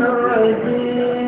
الرجيم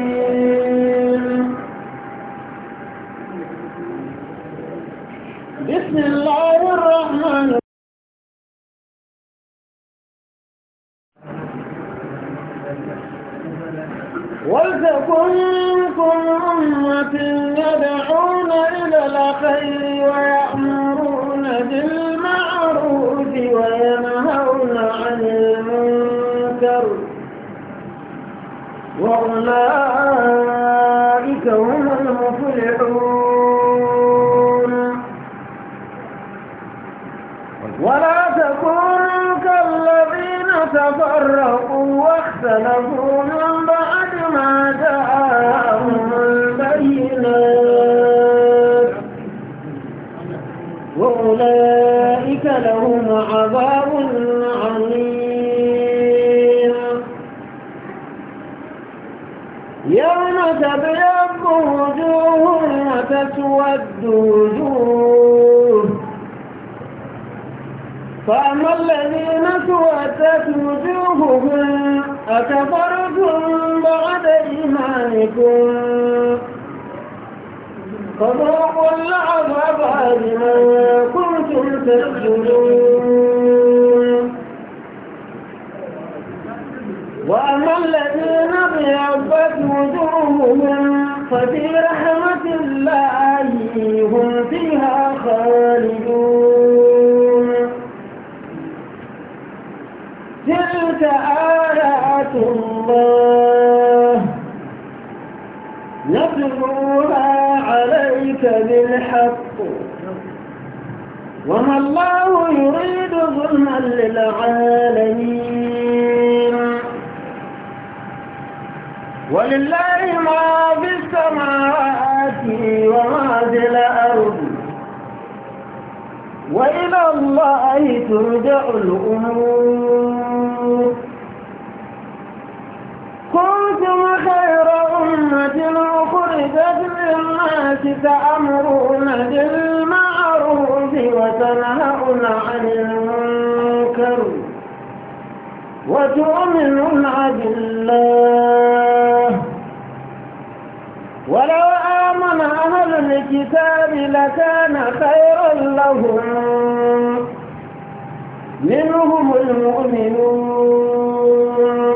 وما الله يريد ظلما للعالمين ولله ما في السماوات وما في الأرض وإلى الله ترجع الأمور كنتم خير أمة أخرجت للناس تأمرون بالله وتنهون عن المنكر وتؤمنون بالله ولو آمن أهل الكتاب لكان خيرا لهم منهم المؤمنون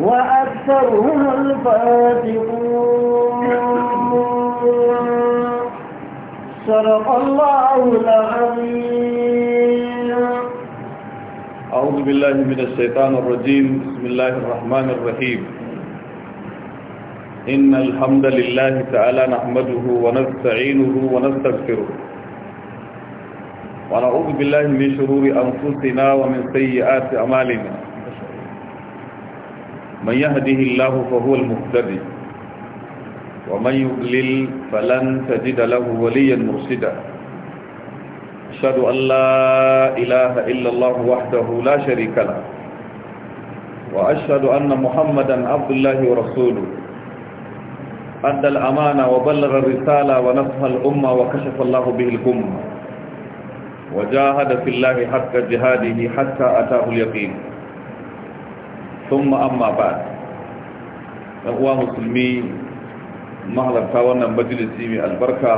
وأكثرهم الفاتقون صدق الله العظيم أعوذ بالله من الشيطان الرجيم بسم الله الرحمن الرحيم إن الحمد لله تعالى نحمده ونستعينه ونستغفره ونعوذ بالله من شرور أنفسنا ومن سيئات أمالنا من يهده الله فهو المهتدي ومن يضلل فلن تجد له وليا مرشدا أشهد أن لا إله إلا الله وحده لا شريك له وأشهد أن محمدا عبد الله ورسوله أدى الأمانة وبلغ الرسالة ونصح الأمة وكشف الله به الأمة وجاهد في الله حق جهاده حتى أتاه اليقين ثم أما بعد أخوة مسلمين mahalarta wannan majalisi mai albarka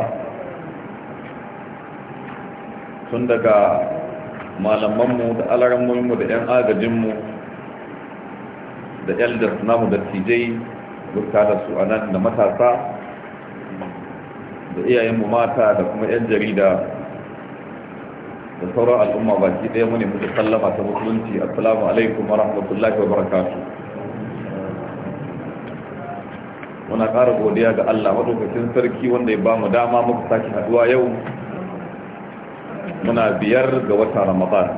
tun daga malamanmu da alarammominmu da 'yan agajinmu da elders namu da tijai rukta da su a nan da matasa da iyayenmu mata da kuma 'yan jarida da sauran al'umma baki ɗaya mu ne muka sallama ta musulunci assalamu alaikum wa rahmatullahi wa barakatuh muna ƙara godiya ga Allah madaukakin sarki wanda ya ba mu dama muka sake haduwa yau muna biyar ga wata Ramadan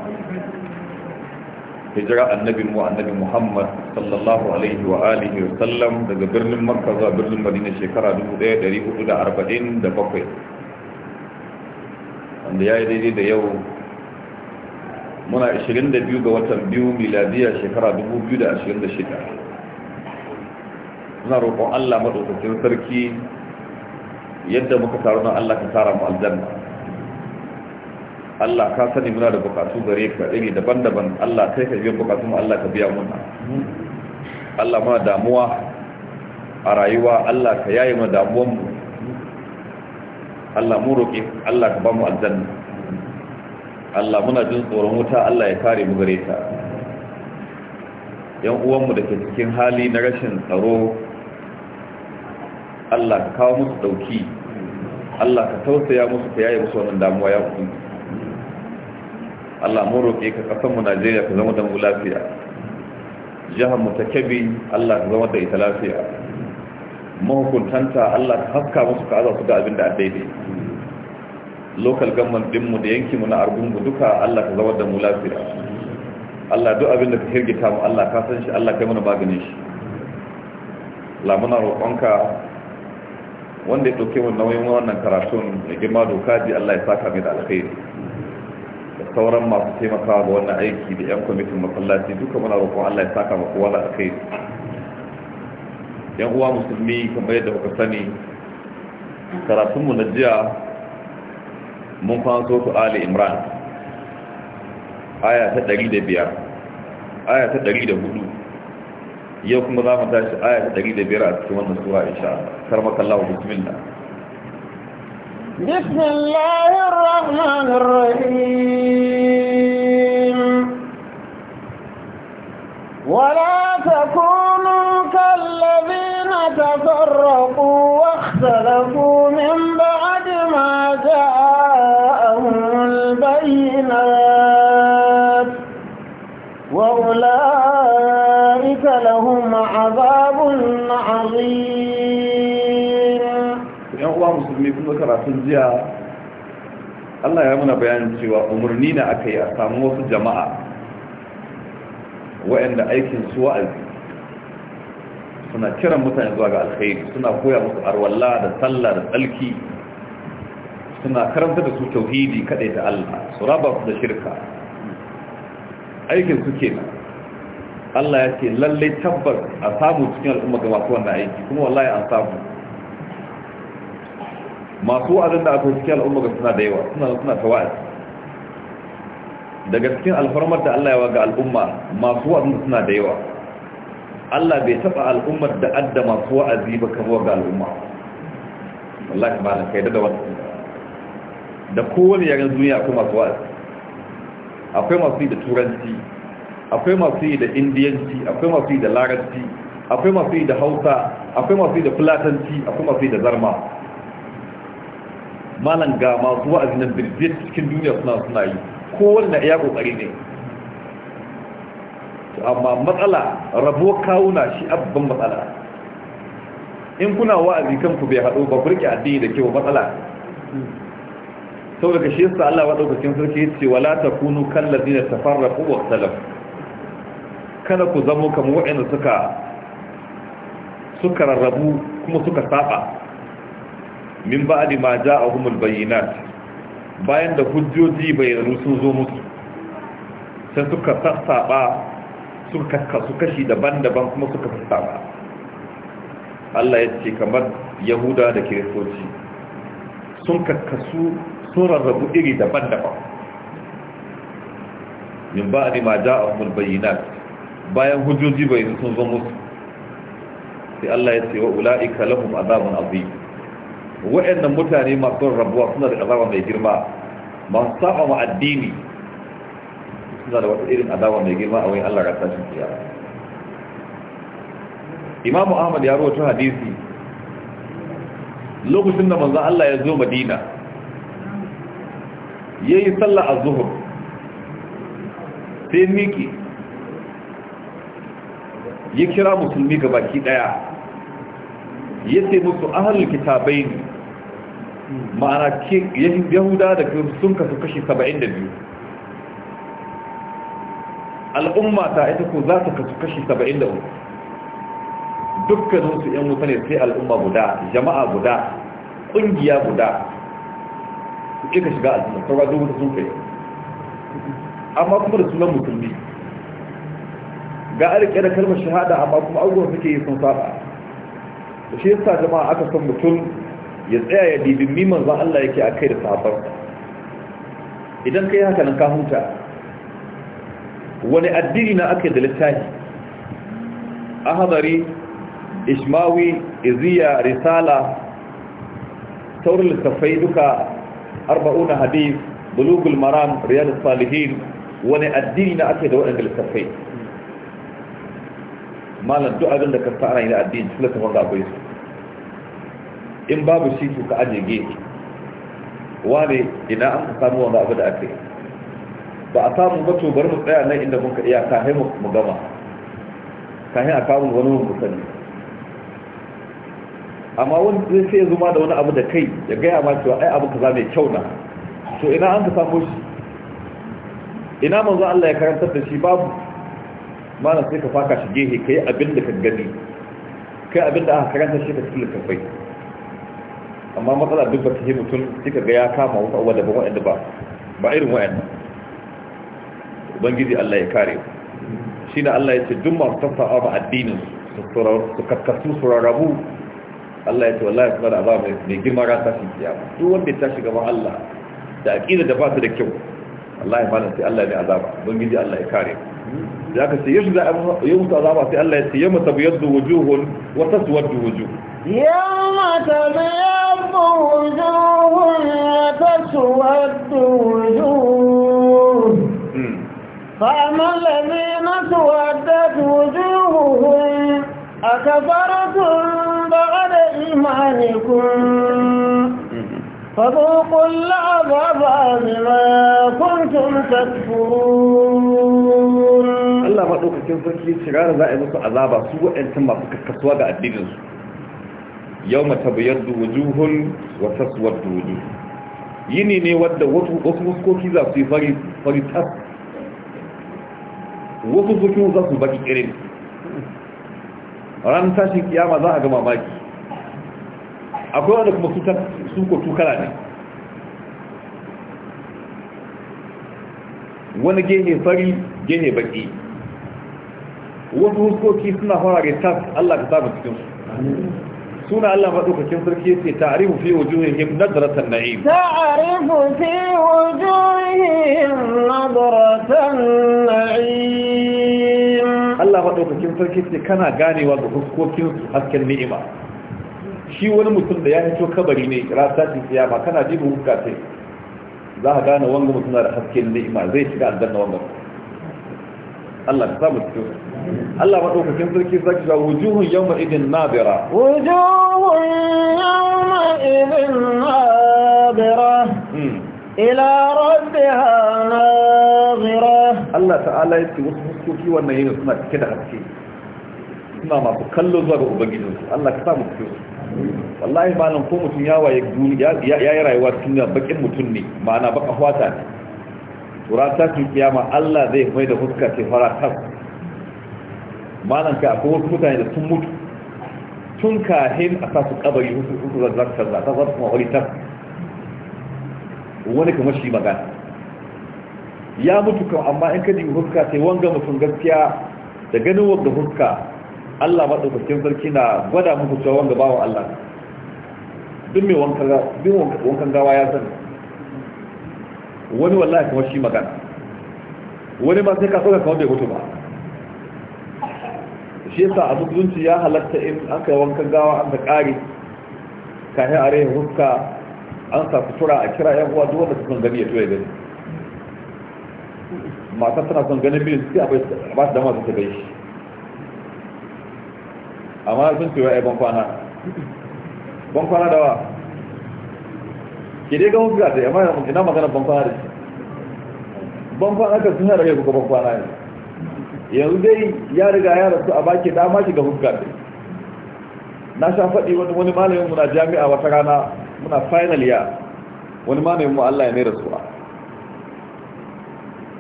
hijira annabin mu annabi Muhammad sallallahu alaihi wa alihi wa sallam daga birnin Makka zuwa birnin Madina shekara 1447 wanda ya yi daidai da yau muna 22 ga watan biyu miladiya shekara 2026 suna roƙon Allah maɗaukacin sarki yadda muka taru na Allah ka tara mu aljanna Allah ka sani muna da bukatu gare ka iri daban-daban Allah kai ka biya bukatun Allah ka biya muna Allah ma damuwa a rayuwa Allah ka yayi ma damuwan mu Allah mu roƙe Allah ka ba mu aljanna Allah muna jin tsoron wuta Allah ya kare mu gare ta yan uwanmu da ke cikin hali na rashin tsaro Allah ka kawo musu dauki Allah ka tausaya musu ka yaye musu wannan damuwa ya kuma Allah mu roƙe ka ƙasar mu Najeriya ka zama da mu lafiya jihar mu ta kabi Allah ka zama da ita lafiya mahukuntanta Allah ka haska musu ka azabta da abin da a daidai local government mu da yankin mu na argungu duka Allah ka zama da mu lafiya Allah duk abin da ka hirgita mu Allah ka san shi Allah kai mana maganin shi lamuna roƙonka wanda ya ɗauke wani nauyin wannan karatun da girma doka ji Allah ya saka mai da alkhairi da sauran masu taimakawa ga wannan aiki da 'yan kwamitin masallaci duka muna roƙon Allah ya saka maka wani alkhairi yan uwa musulmi kamar yadda kuka sani karatunmu na jiya mun fanso ku Ali Imran aya ta ɗari da biyar, aya ta ɗari da hudu. yau kuma za mu tashi aya ta 105 a cikin wannan sura insha Allah karmaka Allah bismillah بسم الله الرحمن الرحيم ولا تكونوا كالذين تفرقوا واختلفوا من بعد tuno karatun jiya Allah ya muna bayanin cewa umarni na aka yi a samu wasu jama'a waɗanda aikin su wa'azi suna kiran mutane zuwa ga alkhairi suna koya musu arwalla da sallah da tsalki suna karanta da su tauhidi kadai da Allah su raba su da shirka aikin su kenan Allah ya ce lallai tabbas a samu cikin al'umma ga masu wannan aiki kuma wallahi an samu masu wa'azin da aka cikin al'umma ga suna da yawa suna suna ta wa'azi daga cikin alfarmar da Allah ya ga al'umma masu wa'azin suna da yawa Allah bai taba al'ummar da adda masu wa'azi ba kamar ga al'umma Allah ka na kai da wasu. da kowane yaren duniya akwai masu wa'azi akwai masu yi da turanci akwai masu yi da indiyanci akwai masu yi da larabci akwai masu yi da hausa akwai masu yi da fulatanci akwai masu yi da zarma malam ga masu wa'azi na cikin duniya suna suna yi kowanne iya kokari ne amma matsala rabo kawuna shi abban matsala in kuna wa'azi kanku bai haɗo ba burke addini da kewa matsala saboda shi yasa Allah madaukakin sarki yace wala takunu ta tafarraqu wa ikhtalafu kana ku zamo kamar waɗanda suka suka rarrabu kuma suka saba min ba'di ma a humul bayyinat bayan da hujjoji bayyanu sun zo musu sai suka sassaba suka kasu kashi daban-daban kuma suka sassaba Allah ya ce kamar Yahuda da Kiristoci sun kakkasu sun rarrabu iri daban-daban min ba'di ma a humul bayyinat bayan hujjoji bayyanu sun zo musu sai Allah ya ce wa ula'ika lahum azabun azim wa'annan mutane masu rabuwa suna da azaba mai girma masu saba ma addini suna da wata irin azaba mai girma a wurin Allah ga tashin kiyama Imam Ahmad ya rubuta hadisi lokacin da manzon Allah ya zo Madina yayi sallah az-zuhr sai miki ya kira musulmi ga baki daya yace musu ahlul kitabain ma'ana ke yahuda da sun kasu kashi 72 al'umma ta ita ko za ta kasu kashi 73 dukkaninsu yan wuta ne sai al'umma guda jama'a guda ƙungiya guda su ƙi ka shiga al'umma sauran duk wuta sun kai amma kuma da sunan mutum ne. ga alƙe da kalmar shahada amma kuma abubuwan suke yi sun saba da shi yasa jama'a aka san mutum ya tsaya ya dibin miman Allah yake a kai da sahabar idan kai haka nan ka huta wani addini na ake da littafi ahadari ishmawi iziya risala saurin littafai duka arba'una hadith bulugul maram riyadus salihin wani addini na ake da waɗanda littafai malam duk abin da ka fara yi na addini su lasa wanda akwai su in babu shi ka aje gefe wane ina an ka samu wanda abu da aka yi ba a samu ba to bari mu tsaya nan inda muka iya kahin mu gama kahin a kawo wani mu sani amma wani zai sai zuma da wani abu da kai ya gaya ma cewa ai abu kaza mai kyau na to ina an ka samu shi ina manzo Allah ya karantar da shi babu mana sai ka faka shi gehe kai abin da ka gani kai abin da aka karanta shi ka cikin littattafai amma matsala duk ba ta yi mutum sai ka ga ya kama wasu abubuwa daban waɗanda ba ba irin waɗanda ubangiji Allah ya kare shi na Allah ya ce duk masu tattawa ba addinin su kakkasu su rarrabu Allah ya ce wallahi suna da azaba mai girma ran tashin kiyama duk wanda ya tashi gaban Allah da aqida da ba su da kyau Allah ya mana sai Allah ne azaba ubangiji Allah ya kare لكن سيجزى يوم تضاوى الله يوم تبيض وجوه وتسود وجوه يوم تبيض وجوه وتسود وجوه فأما الذين سودت وجوههم أكفرتم بعد إيمانكم hmm. فذوقوا العذاب بما كنتم تكفرون ɗaukacin sarki shirar za a yi musu azaba su waɗancan masu kakkasuwa ga addininsu yau mata biyar da wujuhun wata suwar da wuju yini ne wadda wasu muskoki za su yi fari tas wasu zuki za su baki irin ranar tashin kiyama za a ga mamaki akwai wanda kuma su ko tukara ne wani gehe fari gehe baki wasu huskoki suna farare tas Allah ka saba cikin su suna Allah madaukakin sarki yace ta'rifu fi wujuhihim nadratan na'im Ta ta'rifu fi wujuhihim nadratan na'im Allah madaukakin sarki yace kana ganewa ga huskokin su hasken ni'ima shi wani mutum da ya hito kabari ne rasa ce kiyama kana jibin hukka sai za ka gane wanga mutum da hasken ni'ima zai shiga aljanna wanga Allah ka saba cikin Allah madaukakin sarki zaki ga wujuhun yawma idin nadira wujuhun yawma idin nadira hmm. ila rabbiha nadira Allah ta'ala yake wasu hukuki wannan yayin suna cike da haske suna masu kallo zuwa ga ubangijinsu Allah ka sa mu cikin wallahi malam ko mutum ya ya yi rayuwa tunda bakin mutum ne ma'ana baka fata ne Tura turata ki kiyama Allah zai mai da huska ce fara tas malam ka akwai wasu mutane da sun mutu tun kahin a sa su kabari hutu da zaka za ta zata kuma wani tar wani kamar shi magana ya mutu kan amma in ka ji huska sai wanga mutum gaskiya da ganin wanga huska Allah maɗaukakin sarki na gwada muku cewa wanga bawa Allah duk mai wankan gawa ya sani wani wallahi kamar shi magana wani ma sai ka so ka kawo bai mutu ba shi yasa a musulunci ya halatta in an kai wankan gawa an da ƙari yi a rai huska an sa sutura a kira yan uwa duk wanda sun gani ya ya gani mata tana son ganin biyu sai a ba su dama su ta gai shi amma sun ce wa ya ban kwana ban kwana da wa ke dai gama fiye ta amma ina magana ban kwana da shi ban kwana ka sun yara ya kuka ban kwana ne yanzu dai ya riga ya rasu a baki dama ki ga hukka ɗin na sha faɗi wani wani malamin muna jami'a wata rana muna final ya wani malamin mu Allah ya mai rasuwa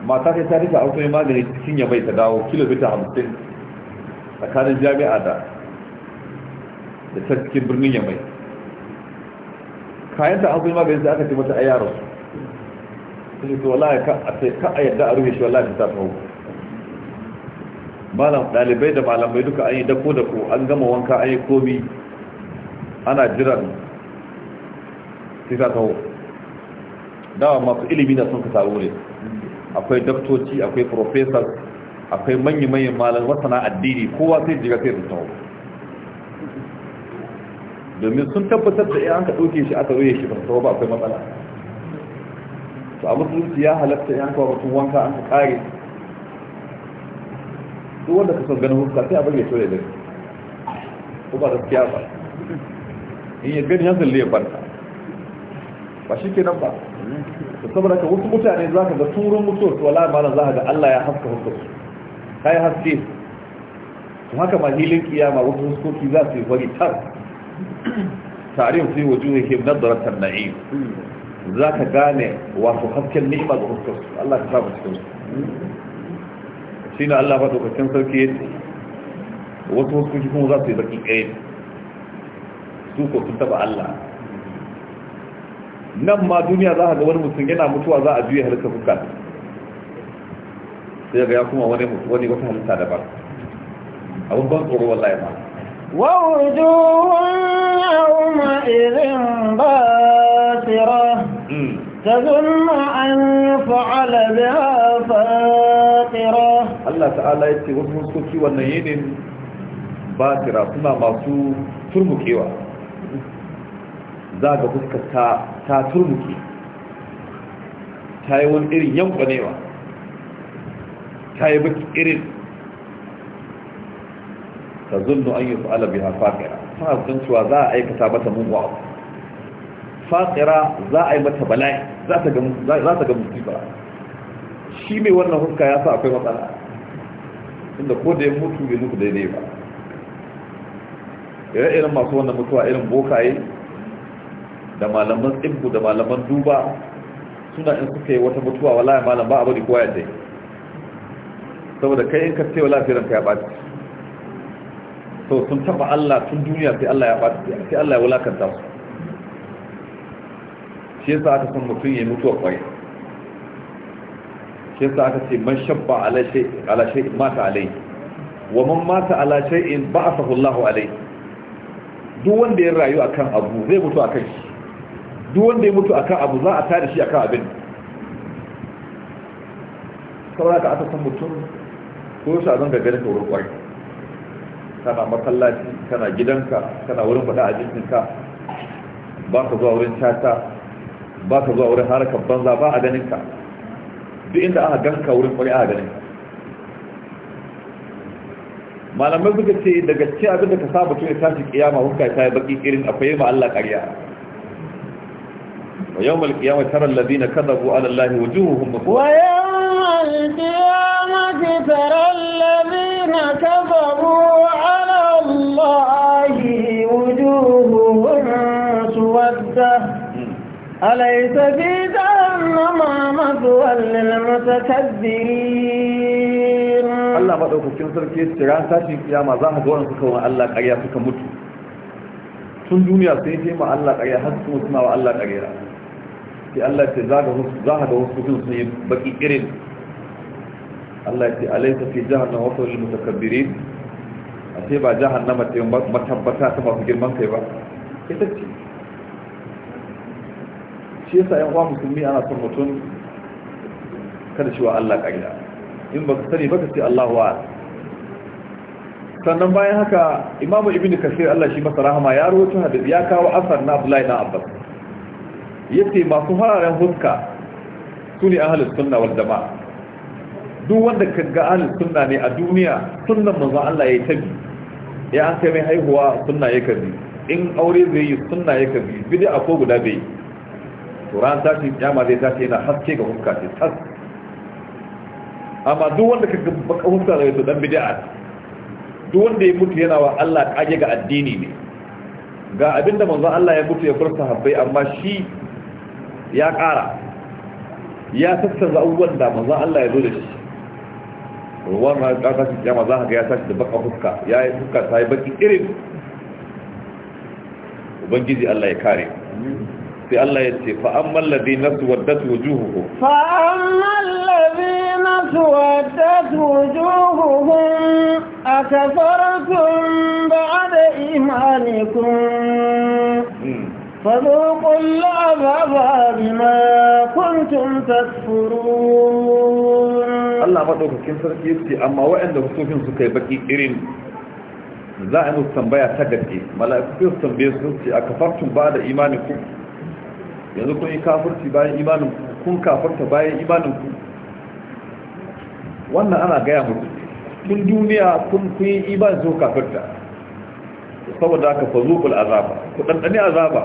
mata ta ta rika auto magani cikin ya bai ta dawo kilomita hamsin tsakanin jami'a da da ta cikin birnin ya mai kayan ta auto magani sai aka ce mata ai sai to wallahi ka a yadda a rufe shi wallahi ta tafi malam dalibai da malamai duka an yi dako ko an gama wanka an yi komi ana jiran sai taho dawa masu ilimi na sun ka taro ne akwai daktoci akwai professor akwai manyan-manyan malam wasana addini kowa sai jiga sai sun domin sun tabbatar da an ka ɗauke shi aka ruye shi ba taho ba akwai matsala to a musulunci ya halatta yankawa mutum wanka an ka kare duk wanda ka san ganin huska sai a bari ya so ya gani ko ba gaskiya ba in ya gani yanzu ya barka ba shi ke nan ba da saboda ka wasu mutane za ka ga turun mutuwar su wala mana za ka ga Allah ya haska huskar su ka yi haske su haka ma hilin kiyama wasu huskoki za su yi wari tar tarihin su yi wajen yake nazarar na'im za ka gane wasu hasken ni'ima ga huskar su Allah ka samu cikin su shi na Allah ba daukacin sarki ya Wasu wasu wasu kuma za su yi baki ɗaya su ko sun taɓa Allah nan ma duniya za a ga wani mutum yana mutuwa za a juya halitta fuska sai ga ya kuma wani wani wata halitta daban abin ban tsoro wallahi ma wa wujuhun yawma idhin basira hmm. tazunnu an yaf'ala biha fa Allah ta'ala ya ce wasu muskoki wannan yinin batira suna masu turmukewa za ga fuskar ta turmuke ta yi wani irin yankwanewa ta yi baki irin ta zunnu an yi su'ala biya fakira ta cewa za a aikata mata mugu abu fakira za a yi mata bala'i za ta ga musibar shi mai wannan huska ya sa akwai matsala inda ko da ya mutu bai mutu daidai ba ire irin masu wannan mutuwa irin bokaye da malaman tsibbu da malaman duba suna in suka yi wata mutuwa wala malam ba a bari kowa ya dai saboda kai in ka ce wala firanka ya ɓaci so sun taba Allah tun duniya sai Allah ya ɓaci sai Allah ya wulakanta su shi yasa aka san mutum ya mutuwa kwaye shi sa aka ce man shabba ala shay'in mata alai wa man mata ala shay'in ba'athahu Allahu alai duk wanda ya rayu akan abu zai mutu akan shi duk wanda ya mutu akan abu za a tada shi akan abin saboda ka aka san mutum ko shi a zanga ganin ka wurin kwari kana masallaci kana gidanka kana wurin faɗa abincinka ba ka zuwa wurin cata ba ka zuwa wurin harakar banza ba a ganin ka duk inda aka ganka wurin kwari aka ganin malamai suka ce daga ce abin da ka saba tun ya tashi kiyama wanka ta yi baki irin akwai ma Allah ƙarya wa yau mal kiyama tarar lazina kada bu ala Allahi wa juhu hun mafi wa yau kiyama ta tarar lazina kada bu ala Allahi wa juhu hun su wadda أليس في جهنما مثوى للمتكبرين الله madaukakin sarki ya ce ran tashin kiyama za ka ga wannan suka wa Allah ƙarya suka mutu tun duniya sai ya ma Allah ƙarya har su mutu wa Allah ƙarya sai Allah ce za ka ga wasu sun sun yi baki irin Allah ce alaysa fi jahannama wasu lil mutakabbirin a ce ba jahannama ce matabbata ta masu girman kai ba ita ce shi yasa yan uwa musulmi ana son mutum kada shi wa Allah ƙarya in ba ka sani ba ka ce Allah wa sannan bayan haka imamu ibn kasir Allah shi masa rahama ya rawaito hadisi ya kawo asar na Abdullahi na Abbas yace masu hararen huska su ne ahlus sunna wal jamaa duk wanda ga ahlus sunna ne a duniya sunnan manzon Allah yayi tabi ya an kai mai haihuwa sunna yake bi in aure zai yi sunna yake bi bid'a ko guda bai to ran tashi kiyama zai tashi yana haske ga huska ce tas amma duk wanda kaga baka huska zai to dan bid'a duk wanda ya mutu yana wa Allah kage ga addini ne ga abinda manzon Allah ya mutu ya furta habbai amma shi ya ƙara ya sassanza uwan da manzon Allah ya zo da shi ruwan ma ka shi kyama za ka ya tashi da baka fuska ya yi fuska ta yi baki irin ubangiji Allah ya kare sai Allah ya ce fa amma alladhina suwaddat wujuhuhum fa amma alladhina suwaddat wujuhuhum akafartum ba'da imanikum فذوقوا العذاب بما كنتم تكفرون الله madaukakin sarki yace amma waɗanda hukumin suka yi baki irin za a yi tambaya ta gaske mala'iku sun tambaye su ce akafartum ba'da imanikun. yanzu kun yi kafurci bayan imanin kun kafarta bayan imanin ku wannan ana gaya mutu tun duniya kun kun yi imanin zo kafarta saboda ka fa zuqul azaba ku ɗanɗani azaba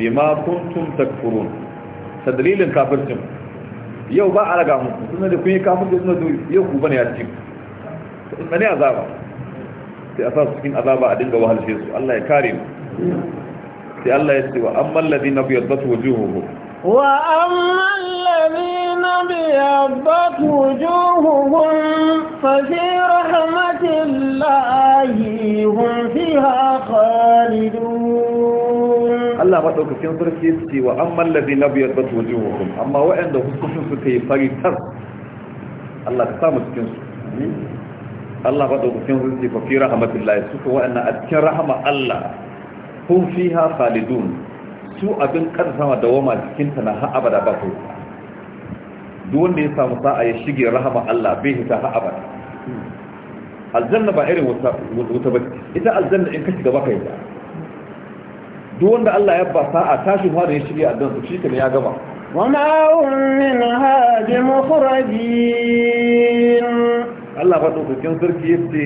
bima kuntum takfurun ta dalilin kafircin yau ba a raga mutu suna da kun yi kafurci suna da yau ku bane ya ci ku ɗanɗani azaba sai a sa su cikin azaba a dinga wahalshe su Allah ya kare mu sai Allah ya ce wa amman ladina biyaddat wujuhuhum wa amman ladina biyaddat wujuhuhum fa fi rahmatillahi hum fiha khalidun Allah madaukakin sarki ya ce wa amman ladina biyaddat wujuhuhum amma waɗanda hukuncin su kai fari tar Allah ka samu cikin su Allah madaukakin sarki fa fi rahmatillahi su ko waɗanda a cikin rahama Allah kun ha khalidun su abin kan sama da dawama cikinta na ha abada ba ku duk wanda ya samu sa'a ya shige rahama Allah bai hita ha abada aljanna ba irin wuta ba ita aljanna in ka shiga ba kai duk wanda Allah ya ba sa'a tashi fara ya shige aljanna su shi ne ya gama wa ma'un min hadi mukhrajin Allah faɗo dokokin sarki yace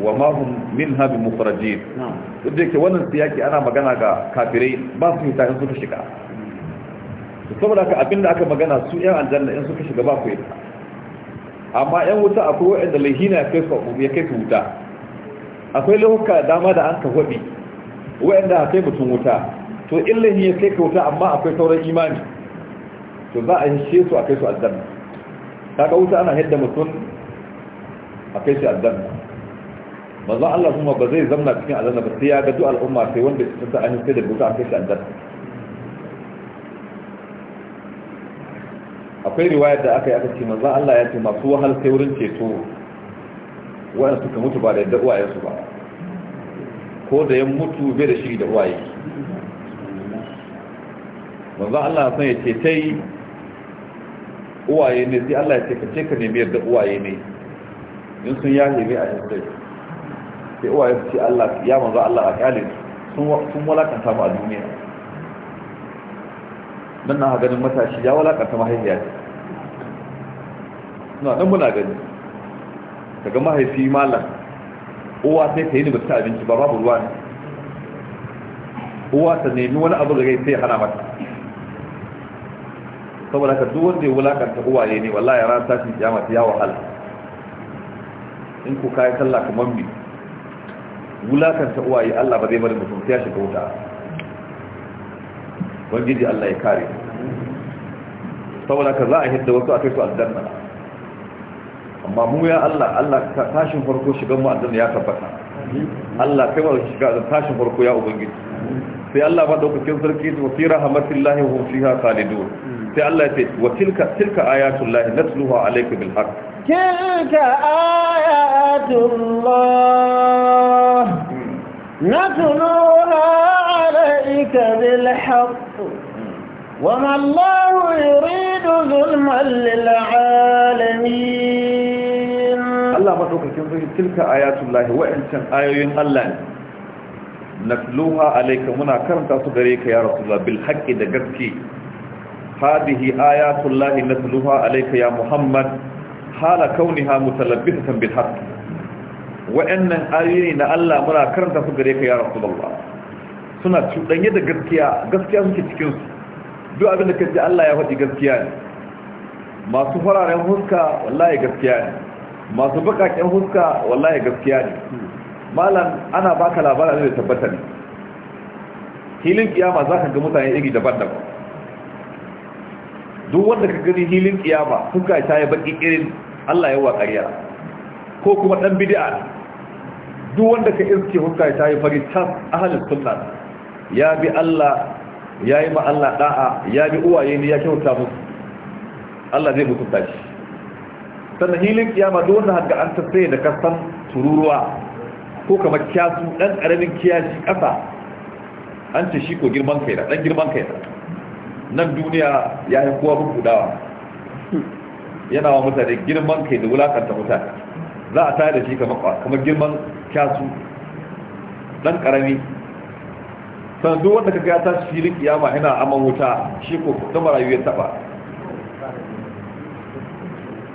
wa ma hum minha bi mukhrajin duk da ke wannan siyaki ana magana ga kafirai ba su yi su suka shiga saboda ka abinda aka magana su yan aljanna in suka shiga ba ku yi amma yan wuta akwai wanda laihina ya kai su ya kai su wuta akwai lahuka dama da an ka hobi wanda kai mutum wuta to illa ne ya kai ka wuta amma akwai sauran imani to za a hishe su a kai su aljanna kaga wuta ana hidda mutum a kai shi aljanna manzo Allah kuma ba zai zamna cikin aljanna ba sai ya ga duk al'umma sai wanda su ta an sai da buta a kai shi aljanna akwai riwayar da aka yi aka ce manzo Allah ya ce masu wahal sai wurin ceto wanda suka mutu ba da yadda uwayensu ba ko da ya mutu bai da shi da uwaye manzo Allah san ya ce tai uwaye ne sai Allah ya ce ka ce ka nemi yadda uwaye ne in sun yahe bai a yanzu sai Uwa ya fi Allah ya manzo Allah a kyale sun walakanta mu a duniya nan na ganin matashi ya walakanta mahaifiya ce suna nan muna gani daga mahaifi malam uwa sai ta yi ni bata abinci ba babu ruwa ne uwa ta nemi wani abu da sai hana mata saboda ka duk wanda ya wulakanta uwaye ne wallahi ran tashin ya mafi ya wahala in ko kayi sallah kamar mi wulakanta uwaye Allah ba zai bari mutum ta shiga wuta wangiji Allah ya kare saboda ka za a hidda wasu a kai su aljanna amma mu ya Allah Allah ka tashin farko shigan mu aljanna ya tabbata Allah kai wa shiga tashin farko ya ubangiji sai Allah ba daukakin sarki wa fi rahmatillahi wa hum fiha khalidun sai Allah ya ce wa tilka tilka ayatul lahi natluha alayka bil haqq تلك آيات الله نتلوها عليك بالحق وما الله يريد ظلما للعالمين الله ما توقع كنزه تلك آيات الله وإنسان آيوين الله نتلوها عليك منا كرمت أصدريك يا رسول الله بالحق دقتك هذه آيات الله نتلوها عليك يا محمد hala kauniha mutalabbisatan bil haqq wa'annan ayoyi na Allah muna karanta su gare ka ya rasulullah suna cuɗanye da gaskiya gaskiya suke cikin su duk abin da kaji Allah ya faɗi gaskiya ne masu fararen huska wallahi gaskiya ne masu bakaken huska wallahi gaskiya ne malam ana baka labarin da tabbata ne hilin kiyama zaka ga mutane iri daban-daban duk wanda ka gani hilin kiyama kuka ta ya baki irin Allah ya wa ƙarya ko kuma dan bid'a duk wanda ka iske kuka ta ya fari ta ahlus sunna ya bi Allah ya yi ma Allah da'a ya bi uwaye ne ya kyauta musu Allah zai mutunta shi sannan hilin kiyama duk wanda haka an tsaye da kasan tururuwa ko kamar kyasu dan karamin kiyashi ƙasa, an ce shi ko girman kai da dan girman kai da nan duniya ya yi kowa bukudawa yana wa mutane girman kai da wulakanta mutane za a tare da shi kamar girman kyasu dan karami sannan duk wanda kaga ya tashi filin kiyama yana aman wuta shi ko ta marayu ya taba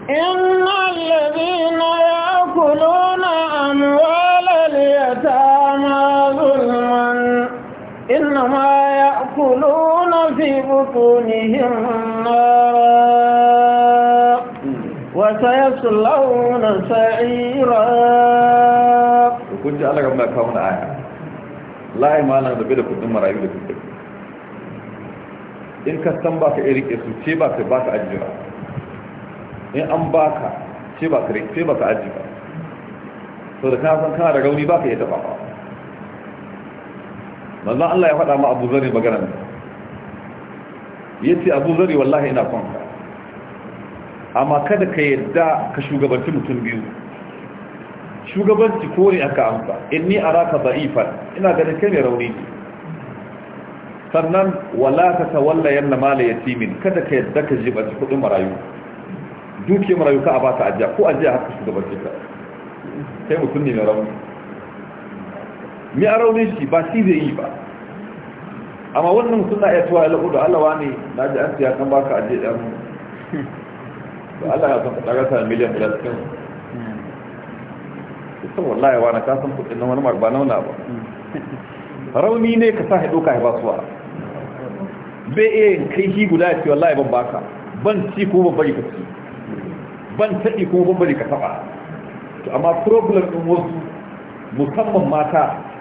إن الذين يأكلون أموال اليتامى ظلما إنما في بطونهم نارا وسيصلون سعيرا كنت على قبل كون آية لا يمانا نبيل كنت مرايب لكتك in ka ba ka irike su ce ba ka ba in an ba ka ce ba ka ce ba ka so da kasan kana da rauni ba ka yi taɓa ba manzan Allah ya faɗa ma abu zane maganar ya ce abu zari wallahi ina kwanka. amma kada ka yadda ka shugabanci mutum biyu shugabanci kore aka amsa inni araka da'ifan ina ganin kai mai rauni ne sannan wala ta tawalla yanna mala yatimin kada ka yadda ka jiba kudin marayu duke marayu ka a baka ajiya ko ajiya haka shugabanci ka kai mutum ne mai rauni mi a rauni shi ba shi zai yi ba amma wannan suna iya tuwa ya hudu da Allah wani na ji an siya kan baka aje ɗan da Allah ya san ka tsara miliyan guda cikin ita wallahi wani ka san kudin na wani marba nauna ba rauni ne ka sa ya ka yi basuwa bai iya yin kai shi guda ya ce wallahi ban baka ban ci ko ban bari ka ci ban taɗi ko ban bari ka taɓa to amma problem ɗin wasu musamman mata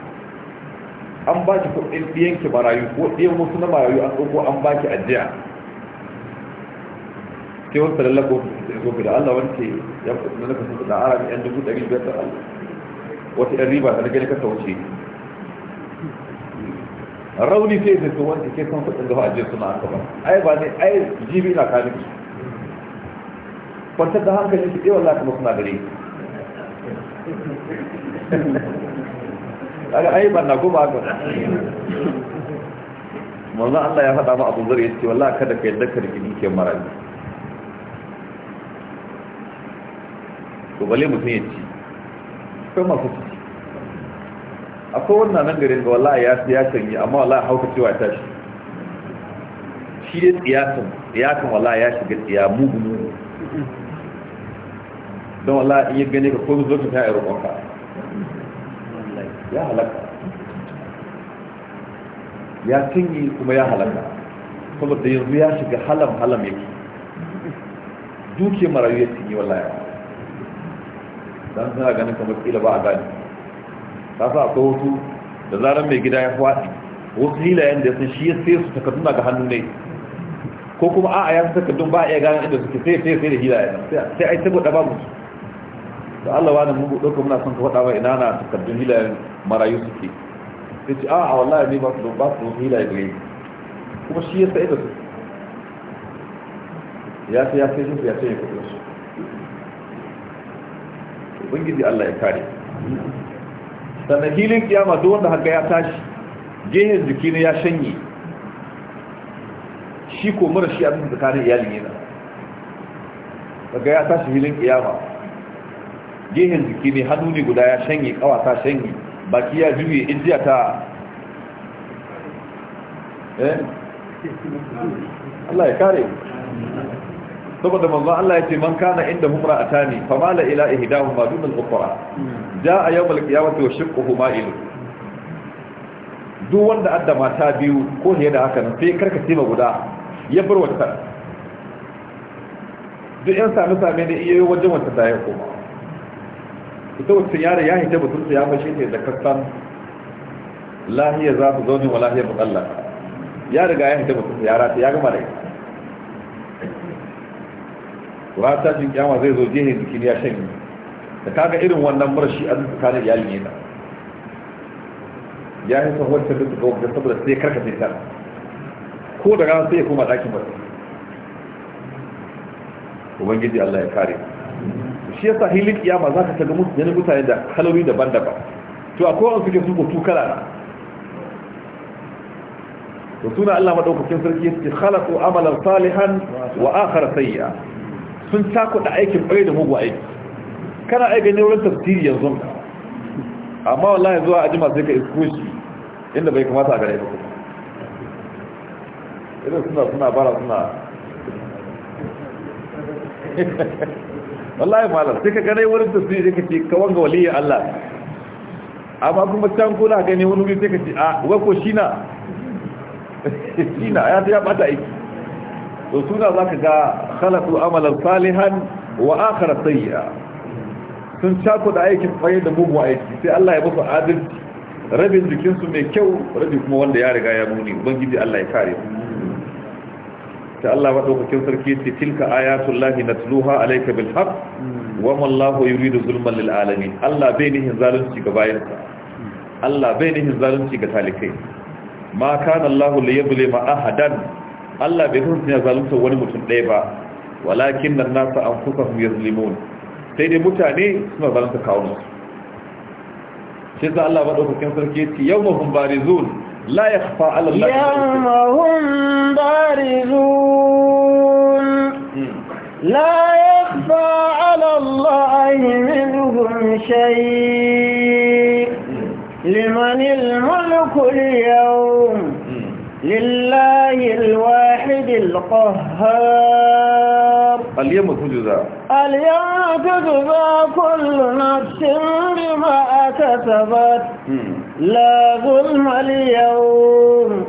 an ba ki kuɗin ki marayu ko ɗiyan wasu na marayu an ɗauko an ba ki ajiya sai wasu lallako ko su da Allah wance ya na naka sun da arami yan dubu ɗari biyar da Allah wata yan riba da na gani kasa wuce rauni sai da sun wance ke san kuɗin gaba ajiyar suna aka ba ai ba ne ai jibi na kani ki kwantar da hankali ki ɗewa lati masu na gare kaga ai goma ko ba manzo Allah ya faɗa ma Abu Zar yace wallahi kada ka yadda ka riki mara marayi to bale mutum ya ci akwai masu ci akwai wannan nan garin ga wallahi ya ya sanyi amma wallahi hauka cewa ta tashi shi dai ya kan wallahi ya shiga tsiya mugu don wallahi in ya gane ka komai zo ka ta yi roƙonka ya halaka ya cinye kuma ya halaka saboda yanzu ya shiga halam halam yake duke marayu ya cinye ya don suna ganin kamar kila ba a gani ta sa akwai wasu da zarar mai gida ya faɗi wasu hilayen da sun shi ya sai su takarduna ga hannu ne ko kuma a'a ya su takardun ba a iya gane inda suke sai sai sai da hilayen sai a yi saboda babu su da Allah wani mun ɗauka muna son ka faɗa wa ina na takardun hilayen marayu suke sai ce ah, a wallahi ne ba su ba su hilaye gare kuma shi ya sai da su ya sai ya sai shi ya sai ya kuɗin su ubangiji Allah ya kare sannan hilin kiyama duk wanda haka ya tashi gehen jiki ne ya shanye shi ko mara shi abin tsakanin iyalin yana daga ya tashi hilin kiyama gehen jiki ne hannu ne guda ya shanye kawa shanye baki ya juye ijiya ta eh Allah ya kare saboda manzo Allah ya ce man kana inda humra atani fama la ila ihdahuma dun al-ukhra jaa yawm al-qiyamati wa shiqquhuma ma'il duk wanda adda mata biyu ko ne da haka sai karkace ba guda ya bar wata duk yan sami sami da iyayen wajen wata da ya koma ita wacce yare ya hita batunsa ya fashe ta da kasan lahiya za su zaune wa lahiya matsala ya riga ya hita batunsa ya rata ya gama da ita ta jin kyama zai zo jihin jikin ya shan da kaga irin wannan marashi a tsakanin iyalin yana ya yi son wancan da suka wajen saboda sai karkace ta ko da rana sai ya koma ɗakin ba ubangiji allah ya kare shi yasa hilin kiyama za ka taga mutane mutane da kalori daban-daban to a kowane suke su kotu kala na to suna Allah madaukakin sarki yake khalaqu amalan salihan wa akhar sayya sun tako da aikin bai da mugu aiki kana aiki ne wurin tafsiri yanzu amma wallahi zuwa ajima sai ka isko shi inda bai kamata a gare ba irin suna suna bara suna wallahi malam sai ka gane wurin tasiri ka ce ka wanga waliyin Allah amma kuma can kuna gani wani wuri sai ka ce a ah, ko shina shina ya ta ya bata aiki to suna zaka ga khalaqu amalan salihan wa akhara sayya sun chako da aikin fayyar da mugu aiki sai Allah ya musu adalci rabin jikinsu mai kyau rabin kuma wanda ya riga ya muni ubangiji Allah ya kare ta Allah maɗaukakin sarki ce tilka ayatul lahi natluha alayka bil haqq wa ma Allahu yuridu zulman lil alamin Allah bai nihin zalunci ga bayansa Allah bai nihin zalunci ga talikai ma kana Allah li yuzlima ahadan Allah bai kunta zalunta wani mutum ɗaya ba walakin nan nasu anfusahum yuzlimun sai dai mutane suna zalunta kawunansu shi za Allah maɗaukakin sarki ce yawmahum barizun لا يخفى على الله يوم هم بارزون لا يخفى على الله منهم شيء لمن الملك اليوم لله الواحد القهار اليوم تجزى اليوم تجزى كل نفس بما كسبت لا ظلم اليوم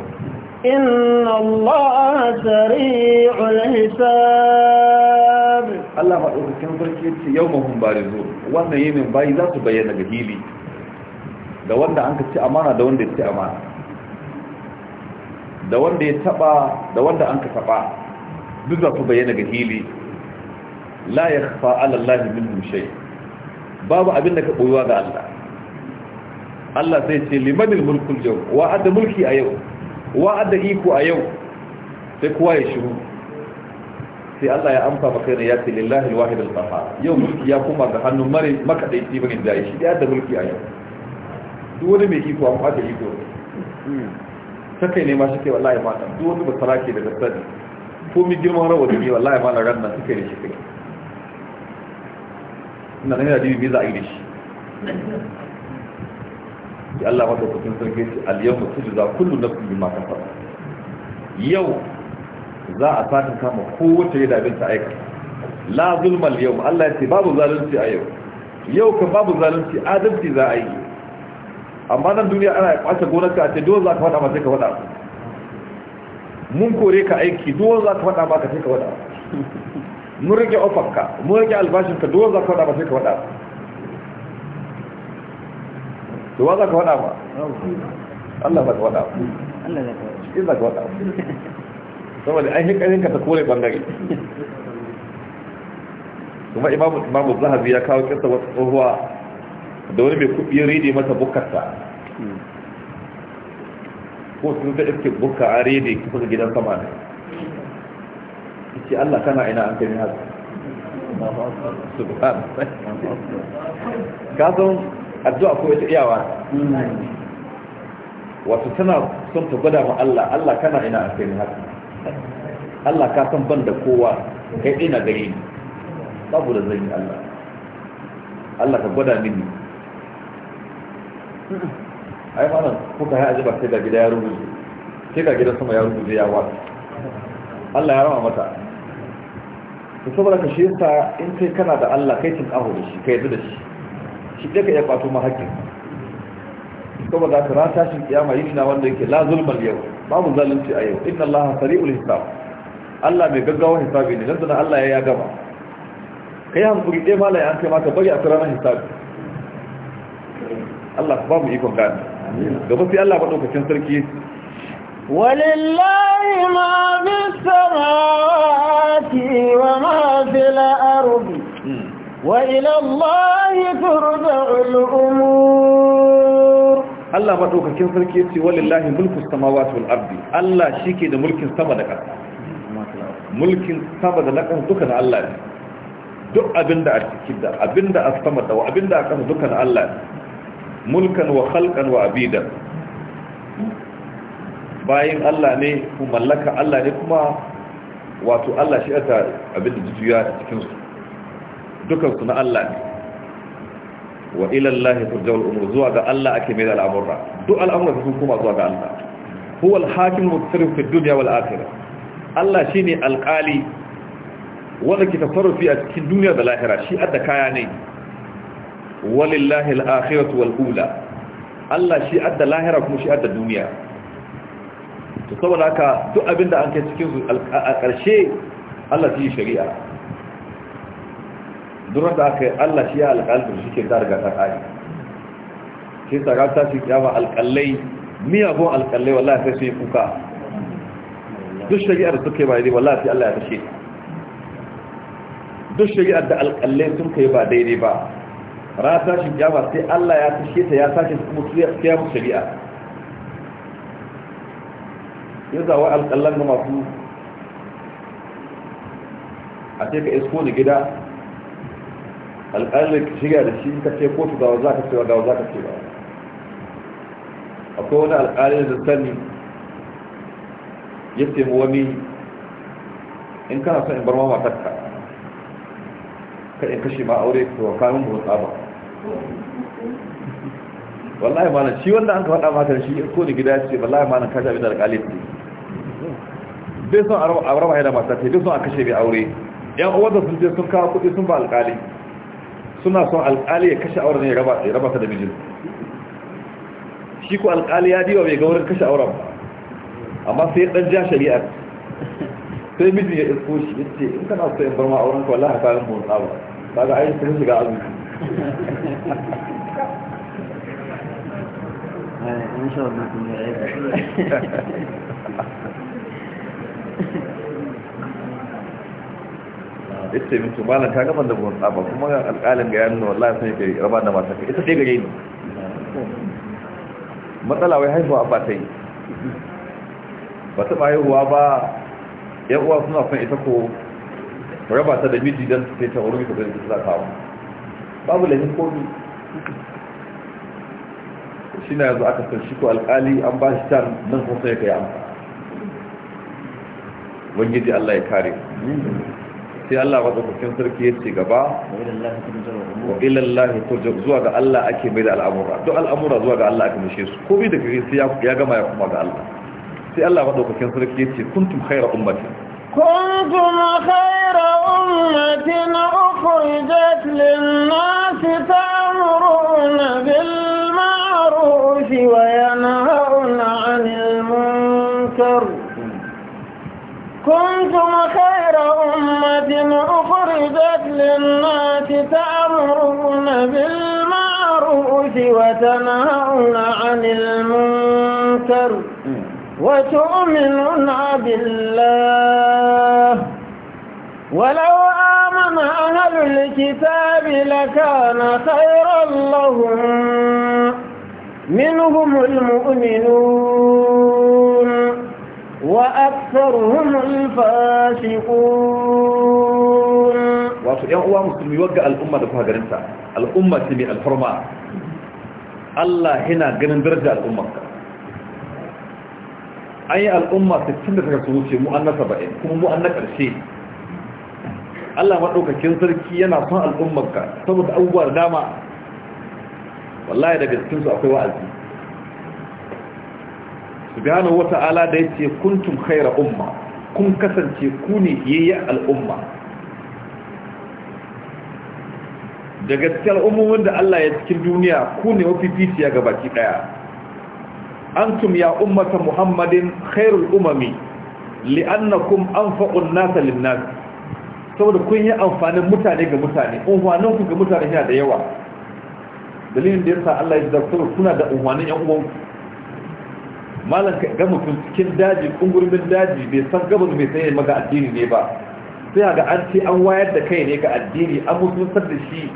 إن الله سريع الحساب الله maɗaukakin sarki ce yau mahun barizo wannan yinin bayi za su bayyana ga hili da wanda an ka amana da wanda ya ci amana da wanda ya taba da wanda an ka taba duk za su bayyana ga hili la ya fa alallahi min babu abin da ka ɓoyuwa ga Allah Allah zai ce limanil mulkul yau wa adda mulki a yau wa adda iko a yau sai kowa ya shiru sai Allah ya amsa maka ne ya ce lillahi alwahid alqahar yau mulki ya kuma ga hannun mare ti bane da shi ya da mulki a yau duk wani mai iko amma da iko kai ne ma shi ke wallahi ma dan duk wani basarake daga sani ko mi girman rawa da ni wallahi ma na ranna suke ne shi kai ina ne da dibi biza za a yi shi da Allah wata kusin sarki ce al za kullum na nafsin bima kasabat yau za a saka kama kowace yadda abin ta aika la zulma al-yawm Allah ce babu zalunci a yau yau ka babu zalunci adalci za a yi amma nan duniya ana kwace gonar a ce dole za ka faɗa ba sai ka faɗa mun kore ka aiki dole za ka faɗa ba ka sai ka faɗa mun rage ofarka mun rage albashinka dole za ka faɗa ba sai ka faɗa to wa za ka faɗa ba Allah za ka faɗa ba Allah za ka faɗa ba saboda an hikarin ka ta kore bangare kuma imamu imamu zahabi ya kawo kisa wata tsohuwa da wani mai kuɗi rede mata bukarta ko sun ta iske bukka a rede kusa da gidan sama ne ce Allah kana ina an kai haka subhan ka addu'a ko ita iyawa wato tana son ta gwada ma Allah Allah kana ina a kai haka Allah ka san ban da kowa kai ina gare ni babu da zai Allah Allah ka gwada mini ai ba nan kuka haji ba sai da gida ya rubuce sai da gidan sama ya rubuce ya wata Allah ya rama mata to saboda ka shi yasa in kai kana da Allah kai tin aho da shi kai da shi shi ɗaya ka iya kwato ma haƙƙin kuma za ka ra tashin kiyama yi na wanda yake la zulmal yau babu zalunci a yau inna allaha sari'ul hisab Allah mai gaggawa hisabi ne nan sanan Allah ya ya gaba kai hankuri ɗaya mala ya an kai maka bari a ranar hisabi Allah ba mu ikon gani gaba sai Allah ɗaukacin sarki ولله ما في السماوات وما في الأرض وإلى الله ترجع الأمور Allah madaukakin sarki ce, wallahi mulku samawati wal ardi Allah shike da mulkin sama da ƙasa mulkin sama da ƙasa duka Allah ne duk abinda a cikin da abinda a sama da abinda a ƙasa dukkan Allah ne mulkan wa khalqan wa abida. bayin Allah ne kuma mallaka Allah ne kuma wato Allah shi ta abinda jiya cikin su dukan su na Allah ne wa ilallahi Allah turja'ul umur zuwa ga Allah ake mai al'amura duk al'amura su kuma zuwa ga Allah huwa al-hakim mutasarrif fi dunya wal akhirah Allah shine alqali wanda ke tasarrufi a cikin duniya da lahira shi adda kaya ne walillahi al-akhiratu wal ula Allah shi adda lahira kuma shi adda duniya to saboda haka duk abinda an kai cikin su a ƙarshe Allah shi shari'a duk da aka yi Allah shi ya alƙalbin shi ke ta riga ta ƙari shi tsara ta shi kyawa alƙallai miyagun alƙallai wallahi sai sun yi kuka duk shari'ar suka yi ba daidai wallahi sai Allah ya tashe duk shari'ar da alƙallai sun kai ba daidai ba rana tashin kyawa sai Allah ya tashe ta ya sake kuma su ya mu shari'a Ya wa alƙallan ga masu a ce ka isko ni gida alƙalin shiga da shi ka ce kotu gawa za ka cewa gawa za ka cewa akwai wani alƙalin da sani ya mu wani in kana son in bar ma matarka ka in kashe ma aure to kayan mu ba wallahi malam shi wanda an ka faɗa mata shi ko da gida ya ce wallahi malam ka abin da alƙalin bai son a raba haida mata ta bai son a kashe mai aure yan uwar sun je sun kawo kuɗi sun ba alƙali suna son alƙali ya kashe auren ya raba ta da mijin shi ko alƙali ya diwa bai ga wurin kashe auren amma sai ya ɗan ja shari'ar sai mijin ya isko shi ya ce in kana so in bar ma auren ka wallahi ka yin motsa ba ba ga ayin sun shiga azumi in sha Allah ya yi ya ce min tumalan ka gaban da buwan tsaba kuma ga alƙalin ga yanin wallahi sai ka raba da mata ita ɗaya gare ni matsala wai haihuwa ba ta yi ba ta ba haihuwa ba ya uwa suna son ita ko raba ta da miji don sai ta wuri ta zai ta kawo babu lahin komi shi na yanzu aka san shi ko alƙali an ba shi can nan sai ka yi amsa wangiji Allah ya kare sai Allah madaukakin sarki ya ce gaba wa ilallahi turja zuwa ga Allah ake mai da al'amura duk al'amura zuwa ga Allah ake mishe su komai da gari sai ya gama ya kuma ga Allah sai Allah madaukakin sarki ya ce kuntum khayra ummatin kuntum khayra ummatin ukhrijat lin-nasi ta'muruna bil ma'ruf wa كنتم خير أمة أخرجت للناس تأمرون بالمعروف وتنهون عن المنكر وتؤمنون بالله ولو آمن أهل الكتاب لكان خيرا لهم منهم المؤمنون وأكثرهم الفاسقون wato ‘yan uwa musulmi wagga al'umma da kuma garinta al'umma ce mai alfarma Allah yana ganin daraja al'ummarka an yi al'umma 69 su wuce mu an na 70 kuma mu an na ƙarshe Allah maɗaukakin sarki yana son al'ummarka saboda abubuwa dama wallahi daga cikinsu akwai wa'azi subhanahu wata'ala da yace kuntum khayra umma kun kasance ku ne yayya al'umma da cikin umumin da Allah ya cikin duniya ku ne mafificiya ga baki daya antum ya ummata muhammadin khairul umami li'annakum anfa'un nasa lin-nas saboda kun yi amfanin mutane ga mutane unhwanin ku ga mutane yana da yawa dalilin da yasa Allah ya zartar kuna da unhwanin yan uwanku malam ka ga mutum cikin daji kungurmin daji bai san gabar mai sanya maga addini ne ba sai ga an ce an wayar da kai ne ga addini an mutuntar da shi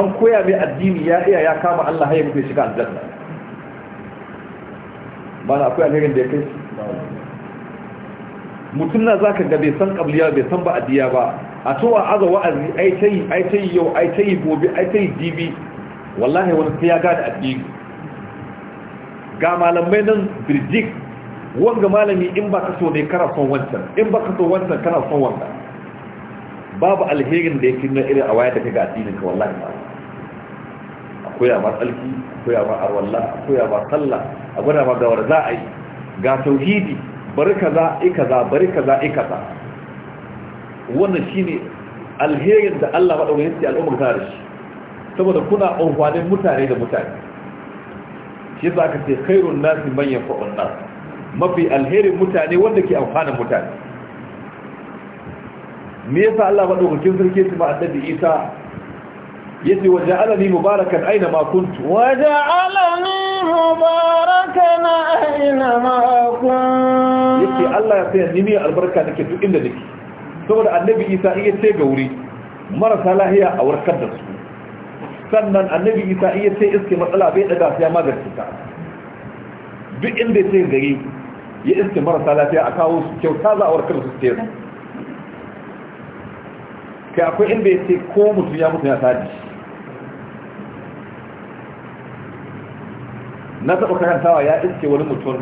an koya mai addini ya iya ya kama Allah ya mutu shiga aljanna ba na akwai alherin da ya kai mutum na zaka ga bai san kabliya bai san ba addiya ba a towa aza wa'azi ai tayi ai yau ai yi gobe ai yi dibi wallahi wani sai ya gada addini ga malamai nan birjik wanga malami in ba ka so ne kana son wancan in ba ka so wancan kana son wanda babu alherin da ya fi na irin a waya da kaga addinin ka wallahi ba akwai a tsalki akwai a arwalla akwai a matsalla a gwada ma Gawar za a yi ga tauhidi bari kaza ikaza bari kaza ikaza wannan shine alherin da Allah madaukakin al'umma ta da shi saboda kuna amfanin mutane da mutane shi za ka ce khairun nasi manyan yanfa'un nan. mafi alherin mutane wanda ke amfanin mutane me yasa Allah madaukakin sarki ya ce ma annabi Isa yace wa ja'alani mubarakan aina ma kuntu wa ja'alani mubarakan aina ma kuntu yace Allah ya sanya ni albarka nake duk inda nake saboda annabi Isa iya ce ga wuri marasa lahiya a warkar da su sannan annabi isa iya ce iske matsala bai daga sai magance ta duk inda ya ce gari ya iske marasa lafiya a kawo su kyauta za a warkar su ce kai akwai inda ya ce ko mutum ya mutu ya sadi na taɓa karantawa ya iske wani mutum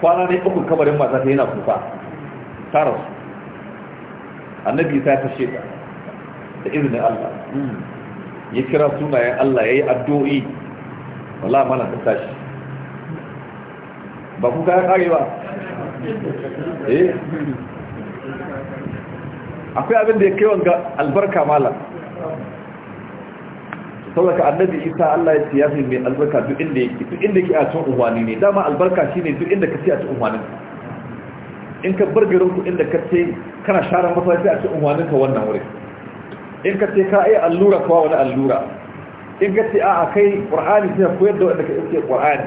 kwana ne uku kamarin mata ta yana kuka tara su annabi isa ta sheka da izinin allah hmm. ya kira sunayen Allah ya yi addu'o'i wala mana ta tashi ba ku kayan ƙari ba eh akwai abin da ya kai wanga albarka malam saboda annabi isa Allah ya ce ya mai albarka duk inda yake duk inda ke a cikin umarni ne dama albarka shi ne duk inda ka ce a cikin umarnin in ka bar garin ku inda ce kana sharan masallaci a cikin umarnin ka wannan wurin in ka ce ka iya allura kuwa wani allura in ka ce a kai ƙwar'ani sai koyar da wanda ka iske ƙwar'ani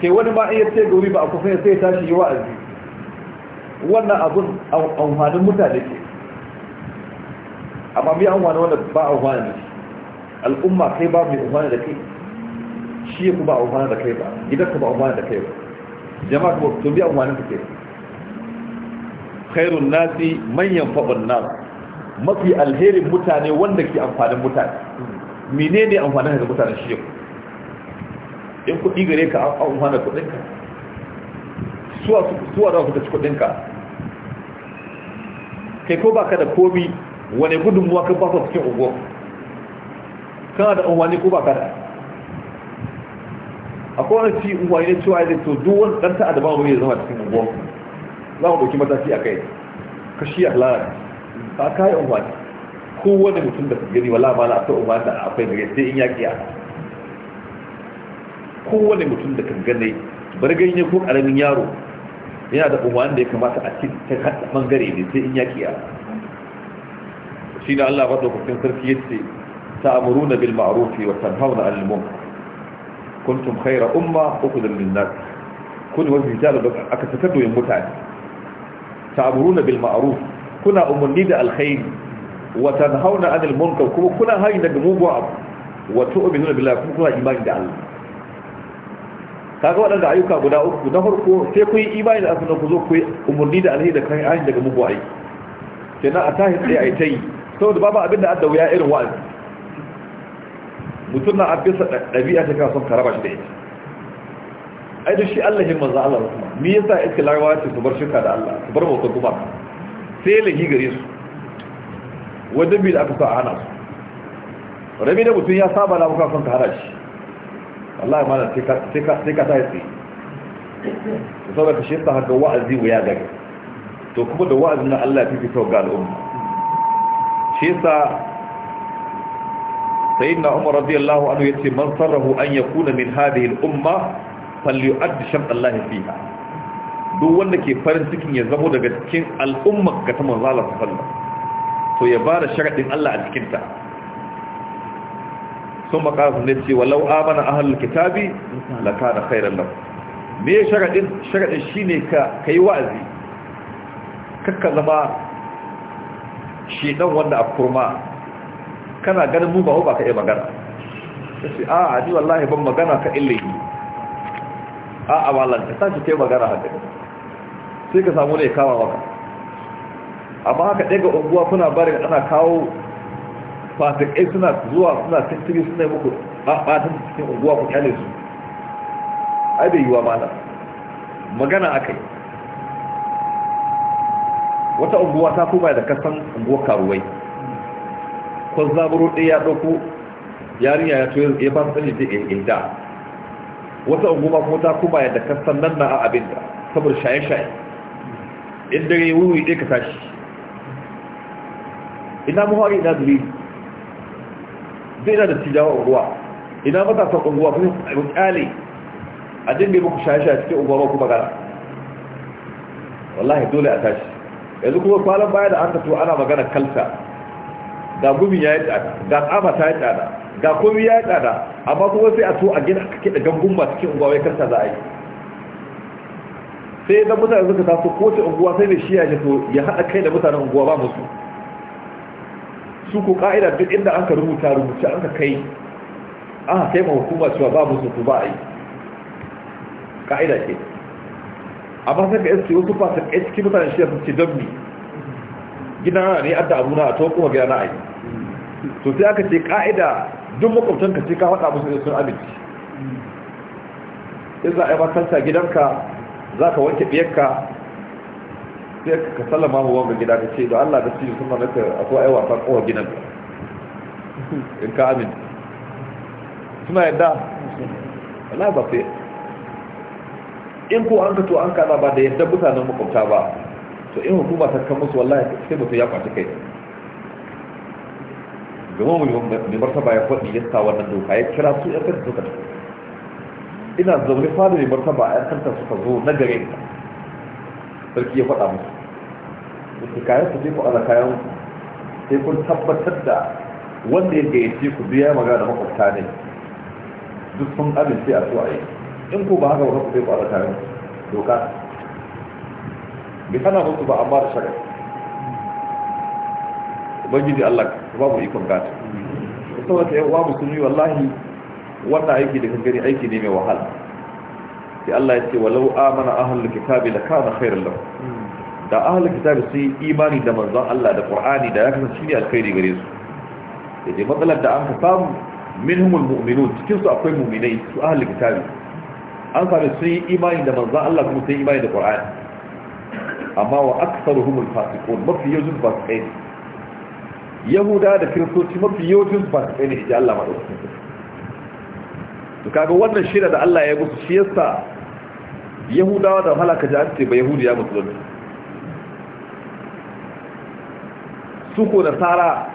ke wani ma iya ce gori ba a kusa ya sai tashi yi wa'azi wannan abun amfanin mutane ke amma biya amfani wanda ba a amfani al'umma kai ba mai amfani da kai shi ku ba amfani da kai ba gidan ka ba amfani da kai ba jama'a ku to biya bi amfani ka ke khairun nasi manyan faɓin nasu mafi alherin mutane wanda ke amfanin mutane ne amfanin ga mutane shi yau in kuɗi gare ka an amfana kuɗinka suwa da kuka ci kuɗinka kai ko baka da komi wane gudunmuwa ka ba cikin unguwa kana da unwani ko baka da A kowane ci unwani ne cewa ya to duk wani ɗan ta'adama wani ya zama cikin unguwa za mu ɗauki mataki a kai ka shi a lalata ba ka yi Ko wani mutum da su gani wala ma na akwai unwani da akwai gare sai in ya kiya wani mutum da kan gani bar ganye ko karamin yaro yana da unwani da ya kamata a cikin ta hada bangare ne sai in ya kiya shi da Allah ba dokokin sarki yace ta'muruna bil ma'ruf wa tanhauna 'anil munkar kuntum khayra umma ukhudhu lin nas kun wajhi da aka saka doyin mutane ta'muruna bil ma'ruf kuna umarni da alkhairi wa tanhauna 'anil munkar kuma kuna hayi daga mugun abu wa tu'minuna billahi kuma kuna imani da Allah kaga waɗanda ayyuka guda uku na farko sai ku yi imani da Allah ku zo ku yi umarni da alkhairi da kai ayin daga mugu ayi kenan a tahi sai ai tai saboda babu abin da adda wuya irin wa'azi mutum na abisa ɗabi'a ta kan son karaba shi da ita ai da shi Allah himman za Allah rahma me yasa iska larabawa ce su bar shirka da Allah su bar ku kuma sai lahi gare su wadda bi da aka sa a hana su rabi da mutum ya saba na bukakon ka hana shi Allah ya mana sai ka sa tsaye da saboda ka shi sa haka wa'azi wuya daga to kuma da wa'azi na Allah ya fi fito ga al'umma shi sa sayyidina Umar radiyallahu ya ce man sarrahu an ya kuna min hadhihi al-umma falyu'addi shan Allah ya fiha duk wanda ke farin cikin ya zamo daga cikin al'umma ga ta manzala ta sallah to ya ba da sharaɗin Allah a cikinta sun makara ne ce walau amana ahalul kitabi la kana khairan nan, me sharaɗin sharaɗin shine ka kai wa'azi kakka zama shi dan wanda a kurma kana ganin mu ba ba ka yi magana sai a a ni wallahi ban magana ka illahi a a wallan ta ce magana haka sai ka samu ne kama maka amma haka ɗaya ga unguwa kuna bari ga ana kawo fasikai suna zuwa suna tattali suna yi muku ɓatan cikin unguwa ku kyale su ai bai yiwa mana magana aka yi wata unguwa ta kuma da kasan unguwa karuwai ko zaburo ɗaya ya ɗauko yarinya ya toye ya ba sani da inda wata unguwa kuma ta kuma da kasan nan na abinda saboda shaye-shaye in dare wuri ɗaya ka tashi ina muhari ina zuri zai na da tijawa unguwa ina matasan unguwa kuma abin kyale a dinga muku a cikin unguwa ba kuma gara wallahi dole a tashi yanzu kuma kwalon baya da an to ana magana kalta ga gumi ya yi tsada ga tsama ta yi tsada ga komi ya yi tsada amma kuma sai a to a gina kiɗa gangun ba cikin unguwa wai kalta za a yi sai da mutane suka taso kowace unguwa sai mai shi ya to ya haɗa kai da mutanen unguwa ba musu su ko ka'ida duk inda an ka rubuta rubuta an ka kai aka kai ma hukuma cewa ba musu ku ba a yi ka'ida ce amma sai ka iske wasu fasa kai cikin mutanen shi su ce don mi gina ne adda abu na a to kuma gida na aiki to sai aka ce ka'ida duk makwabtan ka ce ka faɗa musu sun amince in za a yi kansa gidanka za ka wanke ɗiyarka sai ka sallama mu wanga gida ka ce da Allah da cikin suna naka akwai ai kan kowa gidan in ka amin suna yadda Allah ba sai in ko an kato an kaza ba da yadda mutanen makwabta ba to in hukuma ta kan musu wallahi sai mutum ya kwaci kai gama mai martaba ya faɗi ya sa wannan doka ya kira su ya kai suka tafi ina zaune fada mai martaba a yantarta suka zo na gare ka sarki ya faɗa musu wasu kayan su ku ala kayan sai kun tabbatar da wanda ya gayyace ku biya magana da makwabta ne duk sun amince a su a yi in ku ba haka ba ku sai ku ala kayan doka bi kana mutu ba amma da shagar ubangiji allah ba mu ikon gata saboda yan uwa musulmi wallahi wannan aiki da gani aiki ne mai wahala sai Allah ya ce walau amana ahlul kitabi la kana khairan lahum da ahlul kitabi yi imani da manzon Allah da Qur'ani da ya kasance shi alkhairi gare su yaje matsalar da an ka samu minhumul mu'minun cikin su akwai mu'minai su ahlul kitabi an sami sun yi imani da manzon Allah kuma sun yi imani da Qur'ani amma wa aktsaruhumul fasiqun mafi yawan fasikai yahuda da kiristoci mafi yawan fasikai ne da Allah madaukakin to kaga wannan shirya da Allah ya yi musu shi yasa yahudawa da halaka jihar ce ba yahudiya musulunci su ko nasara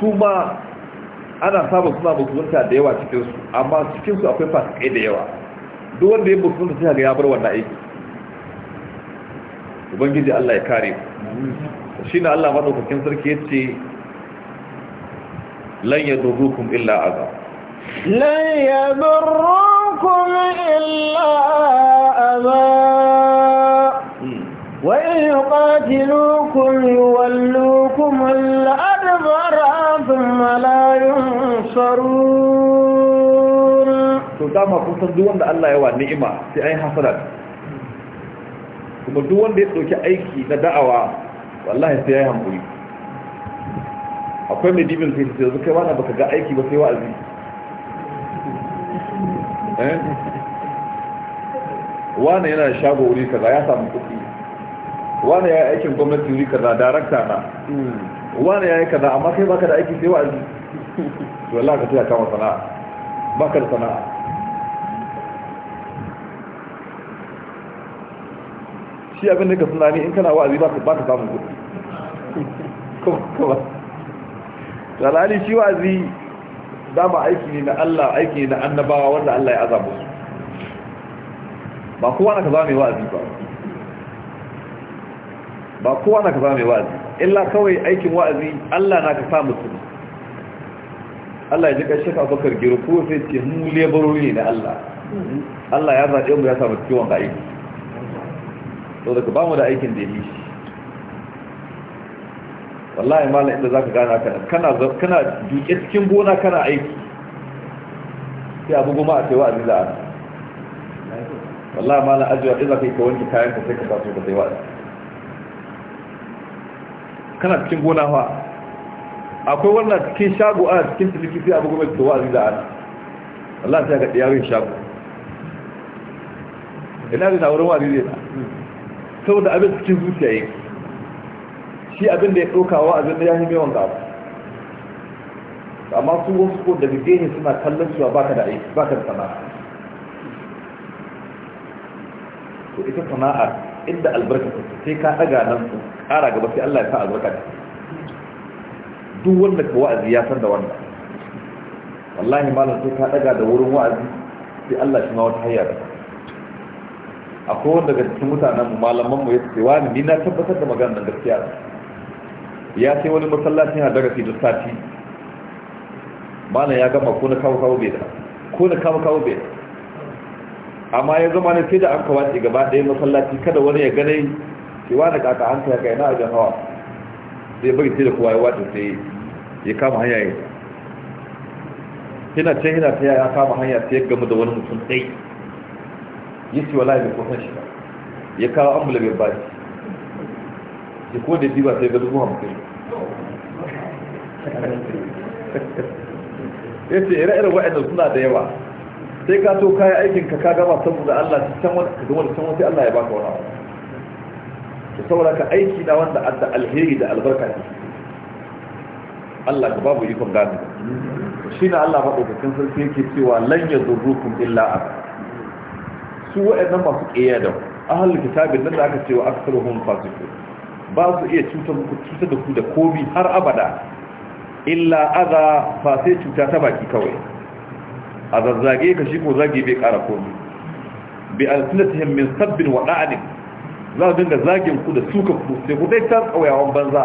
su ma ana samun suna musulunta da yawa cikinsu amma cikinsu akwai fasikai da yawa duk wanda ya musulunta sai ga ya bar wannan aiki ubangiji Allah ya kare shi na Allah maɗaukakin sarki ya ce lan yadurrukum illa azab lan yadurrukum illa azab hmm. wa in yuqatilukum yuwallukum al-adbara thumma la yunsarun to dama kun san duk wanda Allah ya wa ni'ima sai ai hasara kuma duk wanda ya dauki aiki na da'awa wallahi sai ya yi hankuri akwai mai dibin sai sai yanzu kai wani baka ga aiki ba sai wa'azi eh? wani yana shago wuri kaza ya samu kuɗi wani ya yi aikin gwamnati wuri kaza darakta na wani ya yi kaza amma kai baka da aiki sai wa'azi to Allah ka tuya kama sana'a baka da sana'a shi abin da ka suna ni in kana wa'azi baka samun kuɗi kuma galali shi wazi dama aiki ne na Allah aiki ne na annabawa wanda Allah ya azaba ba kowa na ka zama mai wazi ba ba kowa na ka zama mai wazi illa kawai aikin wazi Allah na ka samu su Allah ya ji ƙarshe ka bakar gero ko sai ce mu lebarori ne na Allah Allah ya zaɓe mu ya samu kiwon ga aiki to daga ba mu da aikin da ya yi shi wallahi malam inda zaka gana kana kana kana duke cikin gona kana aiki sai abu goma a cewa aziza wallahi malam ajiya idan kai ka wanke kayan ka sai ka sa ka sai kana cikin gona fa akwai wannan cikin shago a cikin tiliki sai abu goma ta wa'azi an Allah sai ga diyarin shago ina da wurin wa'azi ne saboda abin cikin zuciya yake shi abin da ya ɗauka wa abin da ya hime wanda abu. amma su wasu ko daga gehe suna kallon cewa baka da aiki baka da sana'a to ita sana'a inda albarka ta sai ka daga nan su ƙara gaba sai Allah ya sa albarka ta duk wanda ka wa'azi ya san da wanda wallahi malam sai ka daga da wurin wa'azi sai Allah shi ma wata hayya da akwai wanda daga cikin mutanen mu malaman mu ya ce wani ni na tabbatar da magana da gaskiya ya sai wani masallacin a darasi da sati mana ya gama ko na kawo kawo beda da ko na kawo kawo beda amma ya zama ne sai da an kawace gaba ɗaya masallaci kada wani ya gane cewa da kaka an kai yana ajin hawa sai bari sai da kowa ya wata sai ya kama hanya ya hina ce hina ta ya kama hanya sai ya gamu da wani mutum ɗai ya ce wala ya kusan shi ya kawo ambula bai ba shi ko da ba sai ga dubu hamsin ya ce ire-iren waɗanda suna da yawa sai ka to kayan aikinka ka gama saboda Allah can wani ka wani da can Allah ya baka wani abu to saboda ka aiki na wanda adda alheri da albarka ne Allah ka babu ikon gani shi na Allah maɗaukakin sarki yake cewa lan ya illa a su waɗannan masu ƙiyya da ahal kitabin nan da aka cewa aksaruhum fasiku ba su iya cutar da ku da komi har abada illa aza fa sai cuta ta baki kawai a zazzage ka shi ko zage bai kara komi bi alsinatihim min sabbin wa da'anin za su dinga zagin ku da suka ku sai ku dai ta kauyawan banza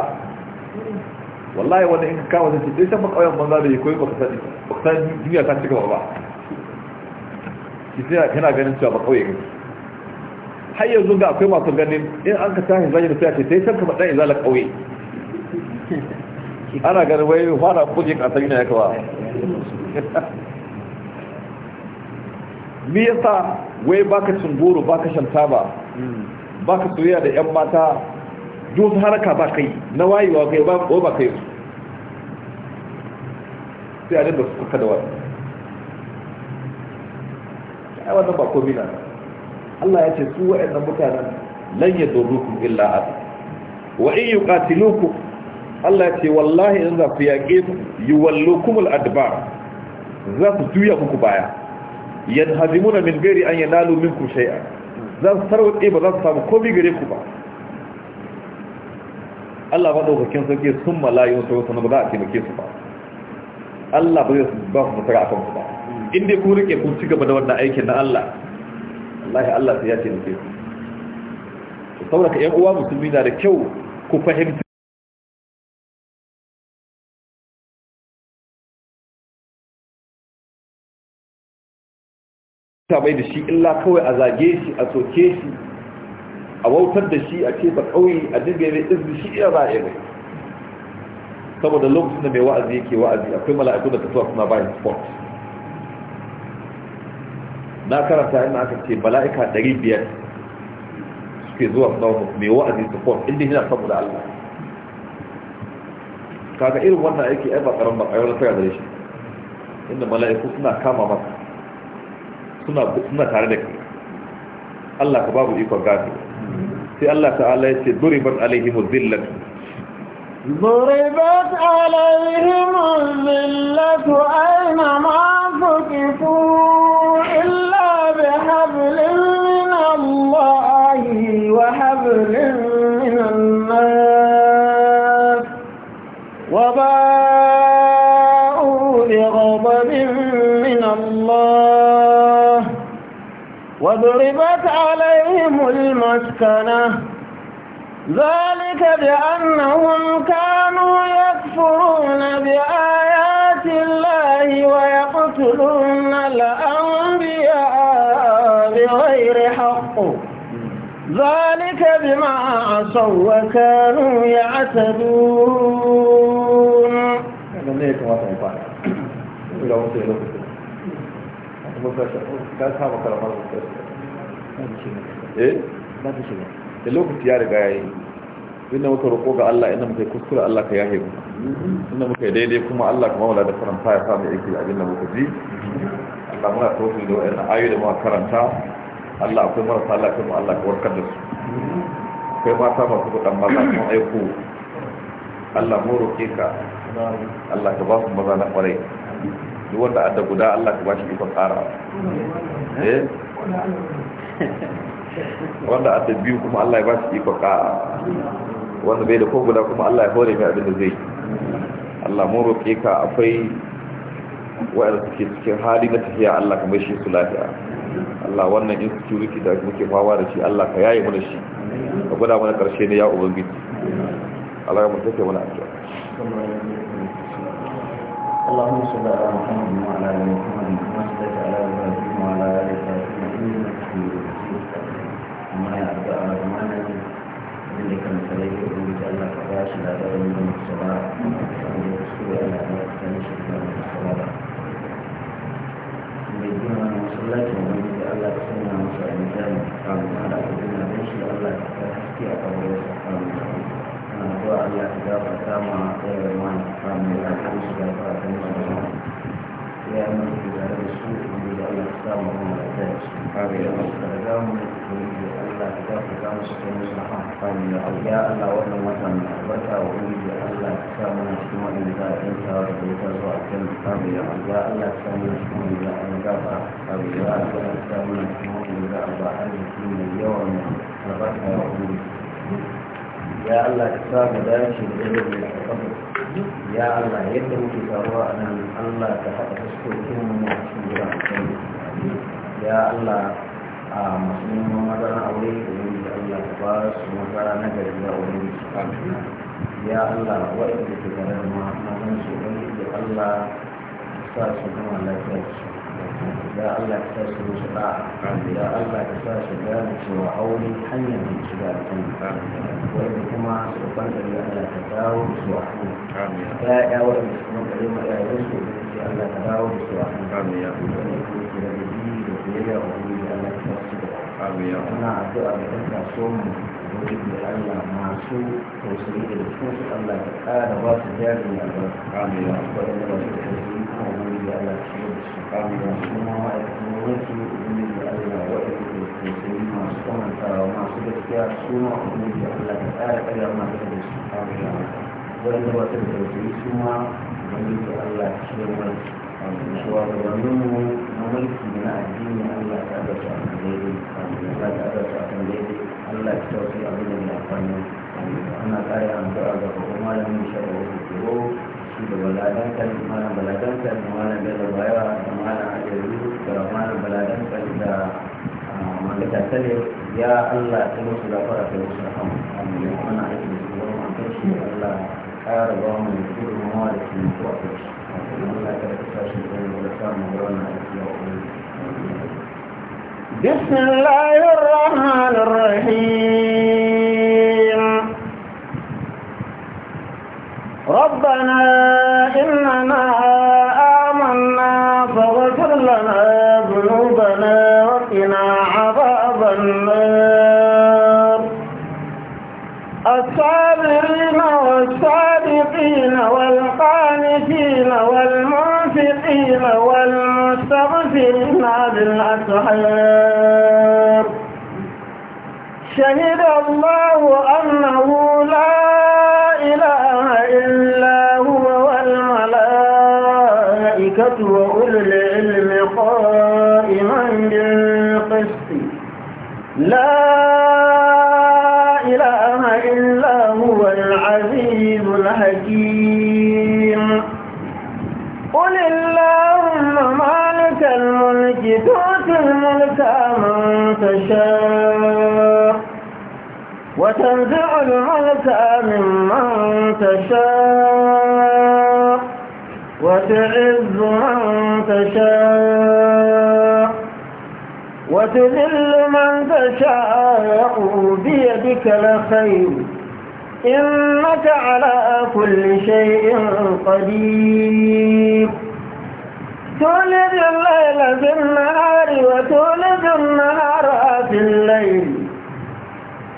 wallahi wanda in ka kawo shi dai ta kauyawan banza da yake ba ka sani ba sani duniya ta cika ba ki sai kana ganin cewa ba kauye kake har yanzu ga akwai masu ganin in an ka tashi zagin sai ta yi ta ba dan izala kauye ana ganin wai fara kuje ka san ya kawa me yasa wai baka cin goro baka shan ba baka soyayya da yan mata duk haraka ba kai na wayewa kai ba ko ba kai su sai a dinda suka da wani ya wannan ba komai na Allah ya ce su na mutanen lan yadurrukum illa ad wa in yuqatilukum Allah ce wallahi in za ku yaƙe su yi wallo kumul adbar za su juya muku baya yan hazimuna min gari an yi min ku shai'a za su tarwaɗe ba za su samu komai gare ku ba Allah ba ɗaukakin sarki sun malayi wasu wasu ba za a taimake su ba Allah ba zai ba su nasara a kan ku ba inda ku kun rike kun ci gaba da wannan aikin na Allah wallahi Allah sai ya taimake ku saboda ka ƴan uwa musulmi na da kyau ku fahimci ta bai da shi illa kawai a zage shi a soke shi a wautar da shi a ba kawai a dinga mai izini shi iya za a yi saboda lokacin da mai wa'azi yake wa'azi akwai mala'iku da tafiya suna bayan sport na karanta ina aka ce mala'ika 500 suke zuwa suna mai wa'azi sport inda yana saboda allah kaga irin wannan aiki ai ba karan a yau na tsaya da shi inda mala'iku suna kama masa suna tare da kai Allah ka babu ikon gafi sai Allah ta'ala ya ce duribat alaihimuz zillat ضربت illa bi hablin min إلا wa hablin min annas wa ba'u bi ghadabin min Allah وضربت عليهم المسكنة ذلك بأنهم كانوا يكفرون بآيات الله ويقتلون الأنبياء بغير حق ذلك بما عصوا وكانوا يعتدون muka ta ta eh? da lokaci ya riga yi. inda muka roƙo ga Allah inda muka yi kuskure Allah ka yahe mu inda muka yi daidai kuma Allah kuma wala da faranta ya samu aiki da abin da muka ji Allah muna tawafi da wa'annan ayoyi da muka karanta Allah akwai marasa Allah mu Allah ka warkar da su akwai mata masu kuɗan maza kuma aiko Allah mu roƙe ka Allah ka ba su maza na ƙwarai duk wanda adda guda Allah ya bashi ikon tsara eh wanda adda biyu kuma Allah ya bashi ikon ƙara wanda bai da ko guda kuma Allah ya hore mai abin da zai Allah mu roke ka akwai wa'anda suke cikin hali na tafiya Allah ka mai shi su lafiya Allah wannan insecurity da muke fawa da shi Allah ka yaye mana shi ka gwada mana karshe ne ya ubangiji Allah ya mutunta mana addu'a اللهم صل على محمد وعلى ال محمد كما صليت على ابراهيم وعلى ال ابراهيم انك حميد مجيد وما يعبد على ضمانك انك مسلك وانك الا فراش لا دار من الصلاه وانك تسوى على انك تنشر من الصلاه mai girma na masallacin wani da Allah ta sanya masa a nijami kamun da aka gina don shi Allah ta haske a kabarin sa kamun da ana zuwa Allah ta gafarta ma ɗaya samu Allah ya kare ya Allah da mu ubangiji Allah ya gafarta musu kai musu rahama amin ya Allah ya Allah wannan wata mai albarka wa ubangiji Allah ya sa mana cikin wannan da ya sa da wuta zuwa kan amin ya Allah ya Allah ya sa mana cikin wannan da ya gafa amin ya Allah ya sa mana cikin wannan da ya ba arziki mai yawa mai albarka ya ubangiji ya Allah ya sa mu dace da ilimin da ka ya Allah yadda muke faruwa a nan Allah ta haɗa fuskokin mu a cikin gidan ya Allah a masu neman madara aure domin da Allah ka ba su magana na gari da aure su ya Allah waɗanda ke gare ma wani su wani da Allah sa su gama lafiyar su ya Allah ka sa su musu da ya Allah ka sa su gane cewa aure hanyar da ke da kan wanda kuma su kwanta da Allah ka dawo da su a hanyar ya ya wanda su kuma gare ma ya yi su Allah ta dawo da su a hanyar biyayya wa wuri Allah ta su da abiya muna addu'a ga ɗan kaso mu wuri da Allah masu tausayi da cikin su Allah ta ƙara ba su jari ba albarka abiya waɗanda ba su tausayi kuma wani da Allah ta yi da su abiya su ma ma'aikatan wasu wuri da Allah waɗanda da tausayi masu kamantawa masu gaskiya su ma wuri da Allah ta ƙara ƙarya su da su abiya waɗanda ba su tausayi su ma wuri da Allah ta yi da wani. shugabanninmu na mulki na addini allah ta da su allah ta da su akan ta abin da ya ana tsari an ga malamin shaɗa kero da da da da ya allah ta musu gafara ta musu rahama amma ana aiki da su wani matar shi allah ƙara ba mu da gudunmawa da ke mutuwa ta shi بسم الله الرحمن الرحيم ربنا الأسحار شهد الله أنه لا إله إلا هو والملائكة وأولي العلم قائما بالقسط لا وتنزع الملك ممن تشاء وتعز من تشاء وتذل من تشاء بيدك الخير إنك على كل شيء قدير تولد الليل في النهار وتولد النهار في الليل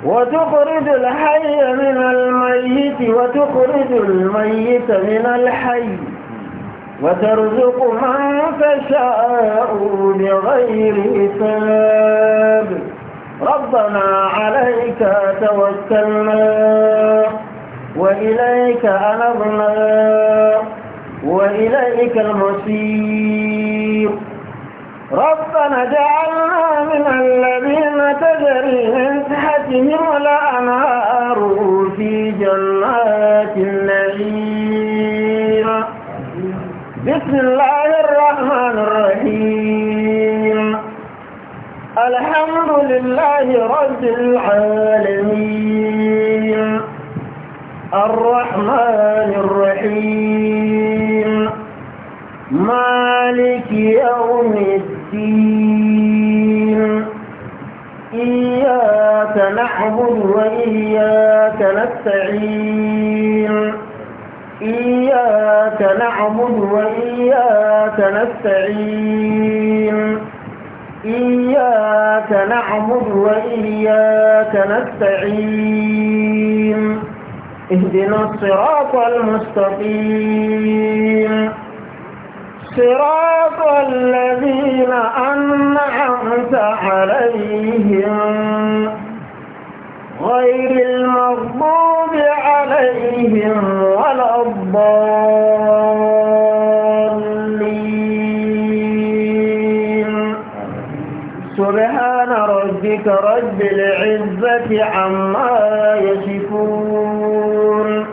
وتخرج الحي من الميت وتخرج الميت من الحي وترزق من تشاء بغير حساب ربنا عليك توكلنا وإليك أنظرنا وإليك المصير ربنا جعلنا من الذين تجري من تحتهم الأنهار في جنات النعيم بسم الله الرحمن الرحيم الحمد لله رب العالمين الرحمن الرحيم مالك يوم الدين إياك نعبد وإياك نستعين إياك نعبد وإياك نستعين إياك نعبد وإياك نستعين اهدنا الصراط المستقيم صراط الذين أنعمت عليهم غير المغضوب عليهم ولا الضالين سبحان ربك رب العزة عما يصفون